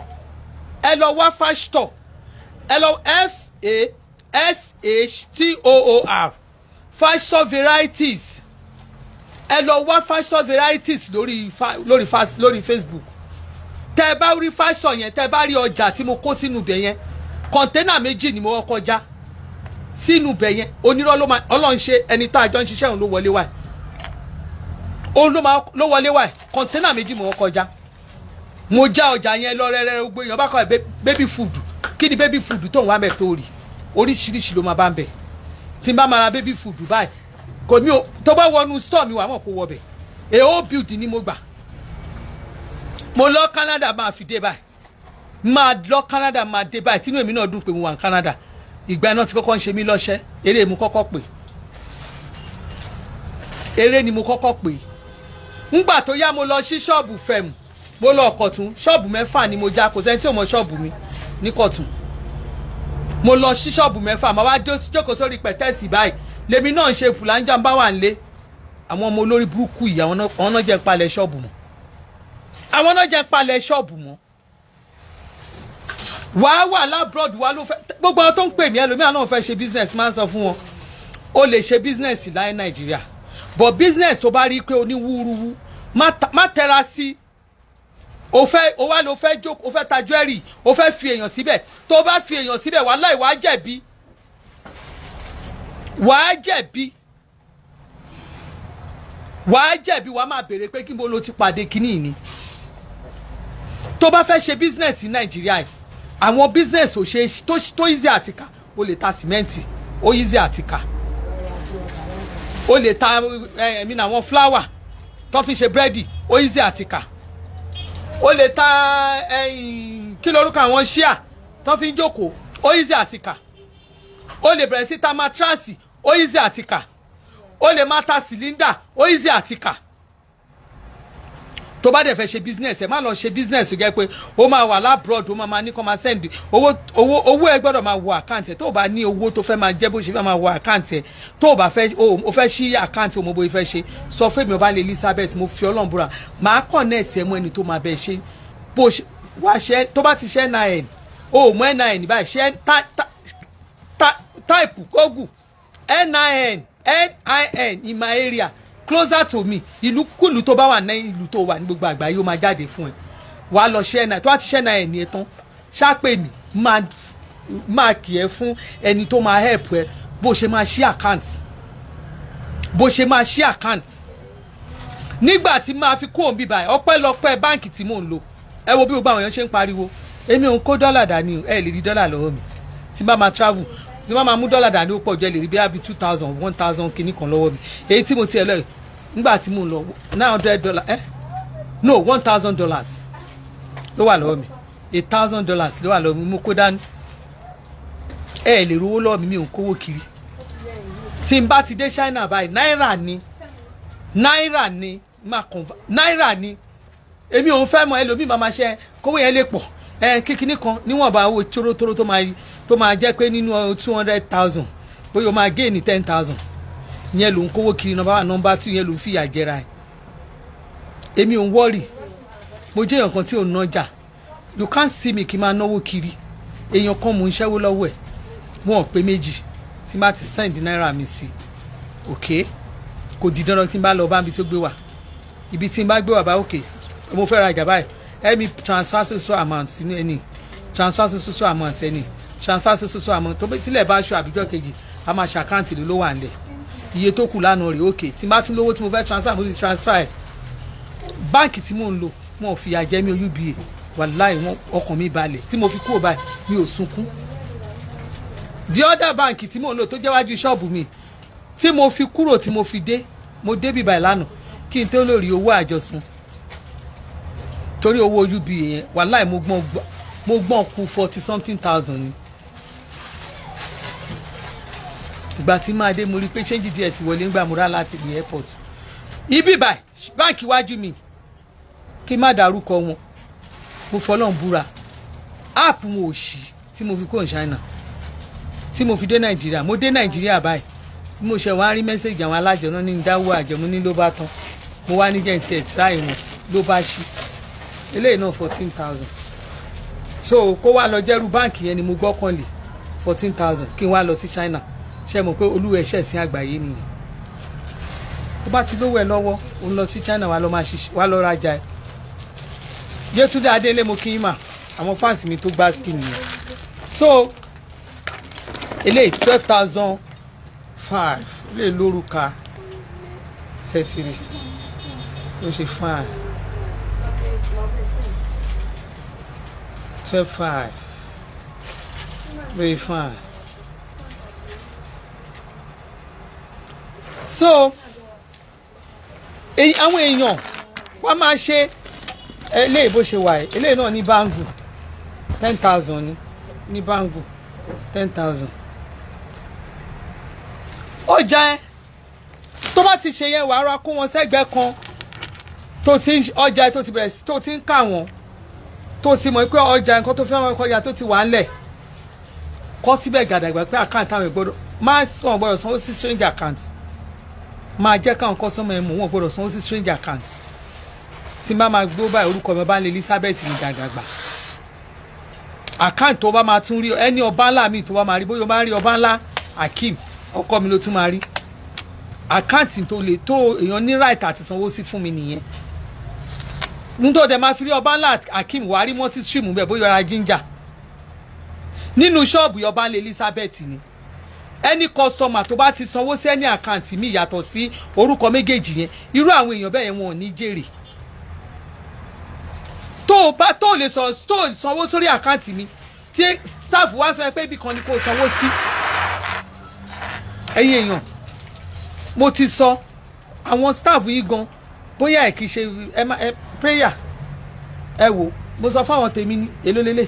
ẹ lọ wá fashtor ẹ lọ f a s h t o o r fashtor varieties ẹ lọ wá fashtor varieties lórí fa lórí fa lórí facebook tẹ ẹ bá rí fashtor yẹn tẹ ẹ bá rí ọjà tí mo kó sínú ibẹ̀ yẹn kọ̀ńténà méjì ni mo kọ́kọ́ já sínú ibẹ̀ yẹn onírọ́ ló máa ọlọ́run ṣe ẹni tá a jọ ń ṣiṣẹ́ òun ló wọlé wáyé òun ló wọlé wáyé kọ̀ńténà méjì mo kọ́kọ́ já. mo já ọjà yẹn lọ rẹrẹ gbogbo baby food kí baby food tó wá mẹ́tò rí oríṣiríṣi ló máa bá ń n bá mara baby food báyìí kò ní o tó bá wọnú store mi wà kó wọ bẹ̀ èho ni mo gbà mo lọ Canada máa fi dé báyìí máa lọ Canada máa dé báyìí tínú èmi náà dùn pé mo wà ní Canada ìgbà ti kọ́kọ́ ń ṣe mí lọ́ṣẹ́ eré kọ́kọ́ ni mo kọ́kọ́ pè ńgbà tó yá lọ sí ṣọ́ọ̀bù fẹ̀mù mo lọ kọ̀tún ṣọ́ọ̀bù mẹ́fà ni mo já kò sẹ́ni tí ò mọ ṣọ́ọ̀bù mi ní kọ̀tún mo lọ sí ṣọ́ọ̀bù mẹ́fà màá wá jókòó sórí pẹ̀tẹ́ẹ̀sì báyìí lèmi náà ń ṣe fùlànjà ń bá wà ń lé àwọn ọmọ olórí burúkú yìí àwọn náà jẹ́ ń palẹ̀ ṣọ́ọ̀bù mọ́ àwọn náà jẹ́ ń palẹ̀ ṣọ́ọ̀bù mọ́ wàá wà lábúrọ̀dù wa ló fẹ́ gbogbo àwọn tó ń pè mí ẹlòmíà náà fẹ́ ṣe business máa ń sọ fún wọn o lè ṣe business láì nàìjíríà but business tó bá rí i pé oníwúruwú má tẹra sí o fẹ́ o wá lo fẹ́ jókòó o fẹ́ ta jewelry o fẹ́ fi èèyàn síbẹ̀ tó o bá fi èèyàn síbẹ̀ wàláì wàá jẹ̀bi wàá jẹ̀bi wàá jẹ̀bi wàá máa béèrè pé kí n bó lo ti pàdé kínní ni tó bá fẹ́ ṣe business ní nàìjíríà yìí àwọn business ò ṣe tó easy àti kà o lè ta sìmẹ́ǹtì ó easy àti kà o lè ta ẹ̀mí àwọn flower tó fi ṣe búrẹ́dì ó easy àti kà o lè ta kí lorúkọ àwọn ṣíà tó fi ń jókòó ó easy àti o lè bẹ̀rẹ̀ sí ta matrasi ó easy àti kà o lè má ta sìlíndà ó easy àti tó bá dẹ̀ fẹ́ ṣe business ẹ̀ má lọ ṣe business gẹ́ pé ó máa wà lábroad ó máa máa ní kó máa send owó owó owó ẹ gbọ́dọ̀ máa wọ àkáǹtì ẹ̀ tó o bá ní owó tó fẹ́ máa jẹ́ bó ṣe fẹ́ máa wọ àkáǹtì ẹ̀ tó o bá fẹ́ o fẹ́ ṣí àkáǹtì òmòbo ìfẹ́ ṣe sọ fún èmi ọba lè Elizabeth mo fi Ọlọ́run búra máa connect ẹ mọ́ ẹni tó máa bẹ ṣe bó ṣe wá ṣe tó bá ti ṣe nin o mọ nin báyìí ṣe type google nin nin in my area closer to me ìlúkùlù tó bá wà ní ìlú tó wà ní gbogbo àgbáyé ó máa jáde fún ẹ wàá lọ ṣẹ́ náà tó bá ti ṣẹ́ náà ẹ̀ ní ẹ tán ṣáàpè mí máa kì ẹ fún ẹni tó máa help ẹ bó ṣe máa ṣí account bó ṣe máa ṣí account nígbà tí máa fi kú òun bíbá ẹ ọpẹ́lọpẹ́ báǹkì tí mò ń lò ẹ wo bí gbogbo àwọn èèyàn ṣe ń pariwo èmi ò ń kó dọ́là dání ẹ lè rí dọ́là lọ́wọ́ mi tí bá máa travel tí wọ́n máa mú dọ́là dání ó pọ̀ jẹ́ lè rí two thousand one thousand kìíní kan lọ́wọ́ mi èyí tí mo ti ẹ̀ lọ́yìn nígbà tí mo lọ nine hundred dollars eh no one thousand dollars ló wà lọ́wọ́ mi eight thousand dollars ló wà lọ́wọ́ mi mo kó dání ẹ ẹ lè rówó lọ́wọ́ mi mi ò kówó kiri tí n bá ti dé China báyìí náírà ni náírà ni máa convert náírà ni èmi ò fẹ́ mọ ẹlòmíì máa ma ṣe kówó yẹn lè pọ̀ ẹ kékeré kan níwọ̀nba owó tóró tóró tó máa yí tó máa jẹ́ pé nínú two hundred thousand bóyá o máa gé ní ten thousand ìyẹn ló ń kówó kiri nọ́mbà wà nọ́mbà two ìyẹn ló ń fìyà jẹra ẹ̀ èmi ò ń wọ́ọ̀rì mo jẹ́ èèyàn kan tí ò ń nájà you can't see me kí n máa náwó kiri èèyàn kan mò ń ṣẹ́wó lọ́wọ́ ẹ̀ wọn ò pé méjì tí n bá ti send náírà mi sí ok kò di dandan tí n bá lọ bá mi tó gbé wà ibi tí n bá gbé wà bá ok mo fẹ́ ra ìjà báyìí help me transfer so amount sí ẹni transfer so amount sí ẹni transfer sososo àmọ́ tó bẹ tílẹ̀ bá aṣọ àbíjọ́ kejì a máa ṣàkáǹtì ló wà nílẹ̀ iye tó kù lánàá rè ókè tí bá tún lówó tí mo fẹ́ transfer mo ti transfer ẹ̀ báǹkì tí mò ń lò wọn ò fìyà jẹ mí o uba wàláì wọn ọkàn mi balẹ̀ tí mo fi kúrò báyìí mi ò sunkún the other bank tí mò ń lò tó jẹ́ wájú ṣọ́ọ̀bù mi tí mo fi kúrò tí mo fi dé mo dé bíbá ìlànà kí n tó lórí owó àjọsùn torí owó uba yẹn wàláì mo gbọ́n kú forty something thousand ni ìgbà tí máa dé mo rí i pé ṣéǹjì díẹ̀ ti wọlé ńgbà mo rà láti the airport ibi báyìí báǹkì iwájú mi kí má dárúkọ wọn mo fọlọ́n búra áàpù wọn ò ṣí tí mo fi kó ṣáínà tí mo fi dé nàìjíríà mo dé nàìjíríà báyìí bí mo ṣe wá rí mẹ́sẹ̀gì àwọn alájọ náà ní dáwọ́ àjẹmú ní ló bá tán mo wá ní jẹ́ǹtì ẹ̀ ìwọ̀n ló bá ṣí eléyìí náà fourteen thousand so kó wá lọ jẹ́rú báǹkì yẹn ni mo gbọ́kànlé fourteen thousand kí n wá lọ sí ṣáínà ṣe mọ̀ pé olúwa ẹ̀ṣẹ̀ sí àgbáyé nìyẹn ó bá ti lówó ẹ lọ́wọ́ ó ń lọ sí China wàá lọ rajà ẹ Yétúndé Adélé mo kí yín mà àwọn fáǹsì mi tó gbá skin nìyẹn so eléyìí twelve thousand five lè lórúka ṣètìrì ló ṣe fine twelve five very fine. so àwọn èèyàn wọ́n máa ṣe eléyìí bó ṣe wà eléyìí náà ní báńgù ten thousand ní ní báńgù ten thousand ó jẹ tó bá ti ṣe yẹn wàá ra kó wọn sẹ́gbẹ̀ẹ́ kan tó ti ọjà tó ti bẹ̀rẹ̀ tó ti ń kà wọ́n tó ti mọ̀ pé ọjà nǹkan tó fẹ́ràn ọjà tó ti wà ń lẹ̀ kọ́ síbẹ̀ gàdàgbà pé àkáǹtì àwọn ìgbọ́dọ̀ máa sọ̀rọ̀ gbọ́dọ̀ sanwó sí strange account máa jẹ́ káwọn kọ́sọ́mọ̀ ẹ̀ mọ̀ wọ́n gbọ́dọ̀ sanwó sí strange account tí n bá máa gbó báyìí orúkọ mi ọba ní Elizabeth ní gàgàgbà account tó bá máa tún rí ẹni ọba ńlá mi tó bá máa rí bóyá o máa rí ọba ńlá Akeem ọkọ mi ló tún máa rí account tó lè tó èèyàn ní right àti sanwó sí fún mi nìyẹn nítorí dẹ̀ máa fi rí ọba ńlá Akeem wàá rí multi stream bóyá ara ginger nínú ṣọ́ọ̀bù ọba ní Elizabeth ni ẹni kọ́sọ́mà tó bá ti sanwó sí ẹni àkáǹtì mi yàtọ̀ sí orúkọ méjèèjì yẹn irú àwọn èèyàn bẹ́ẹ̀ wọn ò ní jèrè tó o bá tó o lè sanwó sórí àkáǹtì mi tí staff wá sọ pé ibì kan ni kò sanwó sí ẹ̀yin èèyàn mo ti sọ àwọn staff yìí gan bóyá ẹ kì í ṣe ẹ má ẹ prayer ẹ wò mo sọ fáwọn tèmi ní èlò lélẹ̀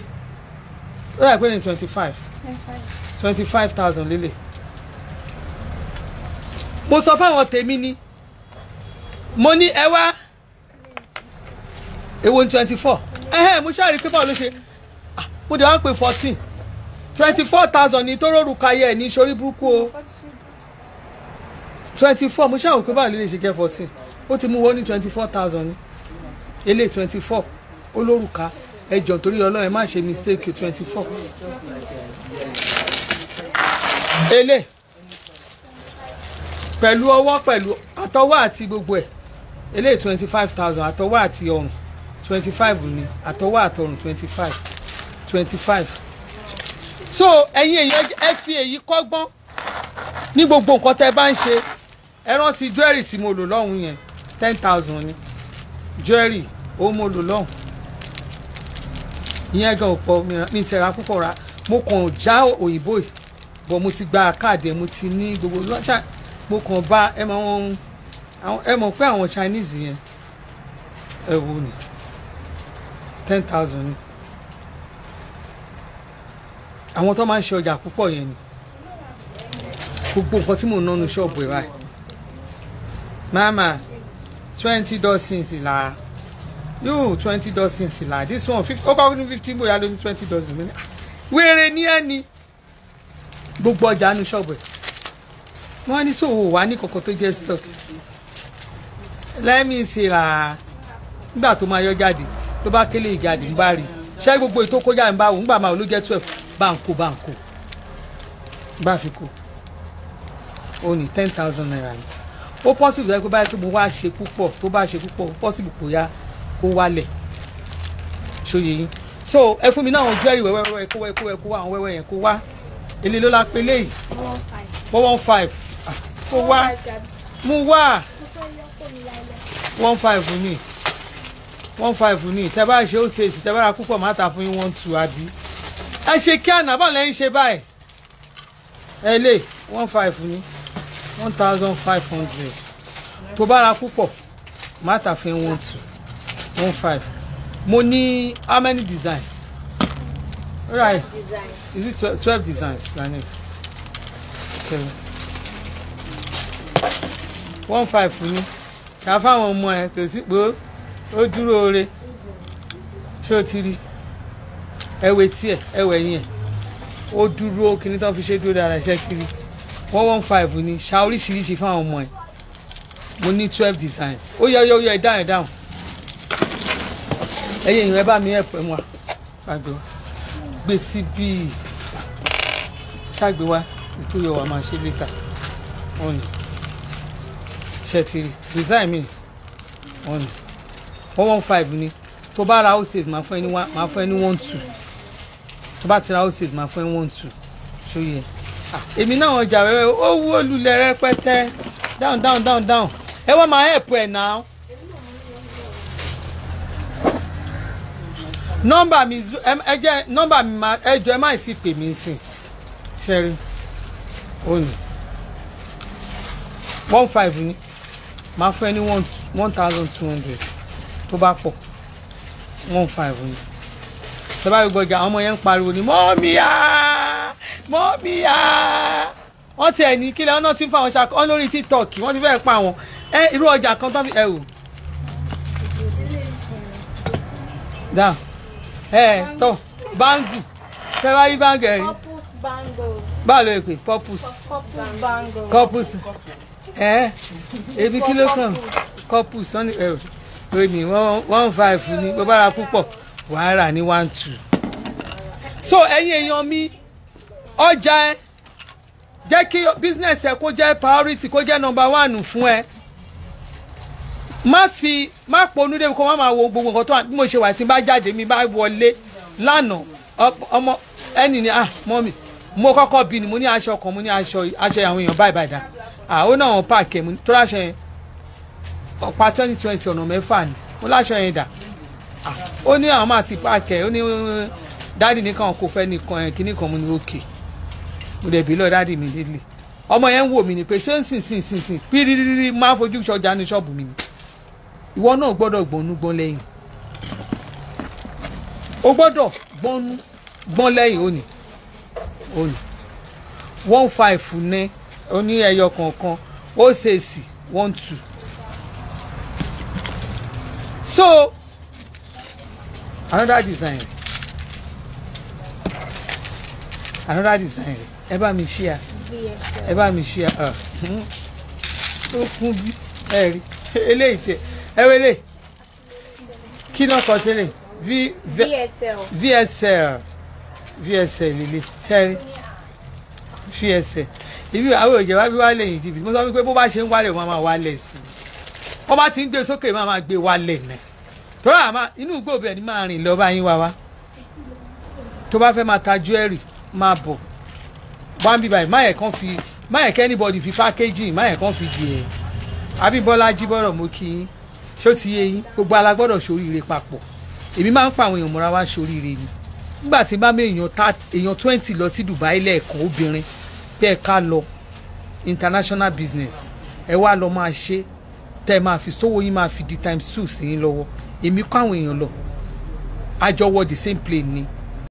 ó yà pé ní twenty five twenty five thousand lélẹ̀ mo sọ fáwọn tèmi ni mo ní ẹ wá èwo ní twenty four ẹhẹ́ mo ṣáà rí pé báwo ló ṣe ah, mo dẹ̀ wá pé fourteen twenty four thousand ní tó rọrùn kayẹ ní sórí burúkú o twenty four mo ṣáà wò pé báwo ló lè ṣe kẹ́ fourteen ó ti mú wọ́n ní twenty four thousand ní ilé twenty four olórùka ẹjọ torí Ọlọ́run ẹ má ṣe mistake twenty four. ele pẹ̀lú ọwọ́ pẹ̀lú àtọwọ́ àti gbogbo ẹ̀ eléyìí twenty five thousand àtọwọ́ àti ọrùn twenty five ni àtọwọ́ àtọrùn twenty five twenty five so ẹ̀yin èèyàn ẹ fi èyí kọ́gbọ́n ní gbogbo nǹkan tẹ́ bá ń ṣe ẹ rántí jewelry tí mo lò lọ́hùn yẹn ten thousand ni jewelry ó mo lò lọ́hùn ìyẹn gan ò mi ti ra púpọ̀ ra mo kàn já òyìnbó yìí bọ̀ mo ti gba káàdì mo ti ní gbogbo lọ́ṣà mo kàn bá ẹ mọ wọn ẹ mọ pé àwọn Chinese yẹn ẹ wo ni ten thousand ni àwọn tó máa ń ṣe ọjà púpọ̀ yẹn ni gbogbo nǹkan tí mò ń nánu ṣọ́ọ̀bù ẹ̀ báyìí mama twenty dozens la yóò twenty dozens la this one fifty ó kọ́ ní fifty bóyá ló ní twenty dozens wéré ní ẹni gbogbo ọjà nu ṣọ́ọ̀bù ẹ̀ wọ́n ní sòwò wà ní kọ̀kọ́ tó jẹ́ stock lẹ́mí sì rà nígbà tó máa yọ jáde ló bá kélé ìjáde ń bá rí ṣé gbogbo ètò kó jáde ń bá wò ńgbà máa ló jẹ́ twelve bá ń kó bá fi kó ó ní ten thousand naira ni ó possible tó yẹ kó báyìí tó mo wá ṣe púpọ̀ tó bá ṣe púpọ̀ ó possible kó yá kó wálẹ̀ ṣòye yín so ẹ fún mi náà ojú ẹ̀rí wẹ́wẹ́wẹ́ kó wẹ́ kó wá àwọn wẹ́wẹ́ yẹn kó wá èlé ló la pélé yìí four one five kó wá mú wá one five ní one five ní tẹ bá ṣe ó ṣe èsì tẹ bá ra púpọ̀ má ta fún yín one two àbí ẹ ṣe kí àná bọ́ọ̀ lẹ́yìn ṣe báyìí ẹ lè one five ní one thousand five hundred tó bá ra púpọ̀ má ta fún yín one two one five mo ní how many designs right is it twelve, designs na name okay one five ni ṣàfàwọn ọmọ ẹ kò sí pé ó dúró ore ṣé o ti rí ẹwẹ tiẹ ẹwẹ yẹn ó dúró kíní tán fi ṣe dúró dára ṣe ti rí one one five ni ṣá oríṣiríṣi fáwọn ọmọ ẹ mo ní twelve designs ó yọ yọ yọ ẹ dáhùn ẹ dáhùn ẹyẹ ìyẹn ẹ bá mi ẹpẹ wọn àgbẹ wa gbé sí bíi ṣàgbé wa ètò yọ wà máa ṣe létà wọn ṣẹ́tì design mi one one one five ni tó bá ra houses máa fún ẹ ní one máa fún ẹ ní one two tó bá ti ra houses máa fún ẹ one two ṣó yẹ ah, èmi náà ọjà wẹ́wẹ́ ó wú olùlẹ̀ rẹpẹtẹ down down down down ẹ wọ́n máa help ẹ̀ náà. nọ́mbà mi ẹ jẹ́ nọ́mbà mi máa ẹ jọ ẹ má ti pè mí sìn ṣẹ́rí òní one five ni máa fún ẹ ní one thousand two hundred tó bá pọ̀ one five hundred. tó bá gbogbo ọjà àwọn ọmọ yẹn ń pariwo ni mọ́míyá mọ́míyá wọ́n ti ẹ̀ ní kílẹ̀ ọ̀nà tí ń fa àwọn ṣàkóso ọ̀nà lórí tiktok wọ́n ti fẹ́ẹ́ pa wọn ẹ irú ọjà kan tó fi ẹ wò. dá ẹ tọ báńgù fẹ́ wá rí báńgù ẹ̀ rí báwo ló yẹ pé purpose purpose ẹ ebi kí ló kàn kọ́pù sọ́ni ẹ omi one five ni bó bá ra púpọ̀ wàá rà ní one two. so ẹ̀yin èèyàn mi ọjà ẹ jẹ́ kí business ẹ kó jẹ́ priority kó jẹ́ number one fún ẹ má fi má ponú débi kó má máa wo gbogbo nǹkan tó wà bí mo ṣe wà tí n bá jáde mi bá wọlé lánàá ọmọ ẹnì ni ah mọ́mì mo kọ́kọ́ bí ni mo ní aṣọ kan mo ní aṣọ aṣọ àwọn èèyàn báyìí báyìí dáa àwọn ah, náà wọn páàkì ẹ̀mú tó láṣọ yẹn ọ̀pá twenty twenty ọ̀nà mẹ́fà ni mo láṣọ yẹn dà ah, ó ní àwọn máa ti páàkì ẹ̀ ó ní dáàdì nìkan kò fẹ́ nìkan ẹ̀ kíní kan mo ní òkè mo dẹ̀ bí lọ dáàdì mi délé ọmọ yẹn ń wò mí ni pé ṣé ń sìn sìn sìn sìn pírírírí máa fojú sọjà ní ṣọ́ọ̀bù mi ni ìwọ náà gbọ́dọ̀ gbọ́nú gbọ́n lẹ́yìn o gbọ́dọ̀ gbọ́nú gbọ́n lẹ́yìn òní òní one five ní ó ní ẹyọ kọ̀ọ̀kan ó ṣèṣì one two. so another design another design ẹ bá mi ṣí a ẹ bá mi ṣí a ah, hmm. ó kún bí ẹ rí eléyìí tiẹ ẹ wẹlé kí náà kọ sílẹ̀ vsl vsl vsl lele ṣẹ́rí vsl ibi àwọn òjò wá bí wá lẹ́yìn jìbìtì mo sọ wípé bó bá ṣe ń wálẹ̀ wọn máa wálẹ̀ sí i wọ́n bá ti ń gbé sókè máa máa gbé wálẹ̀ náà tó rà máa inú igbó bẹ̀ ni máa rìn lọ bá yín wá wá tó bá fẹ́ máa ta jewelry máa bọ̀ bambi báyìí máyẹ̀ kan fi máyẹ̀ kẹ́ anybody fi packaging máyẹ̀ kan fi di ẹ̀ Abímbọ́lá Jíbọ́rọ̀ mo kí yín ṣó ti yé yín gbogbo alágbọ́dọ̀ ṣoríire papọ̀ èmi máa ń pa àwọn èèyàn mọ́ra wá ṣoríire ni nígbà tí bá mi èèyàn twenty lọ sí Dubai lẹ́ẹ̀kan obìnrin tẹ́ ẹ ká lọ international business ẹ wá lọ máa ṣe tẹ́ ẹ máa fi sówó yín máa fi di times two sí yín lọ́wọ́ èmi kọ́ àwọn èèyàn lọ àjọwọ́ the same plane ni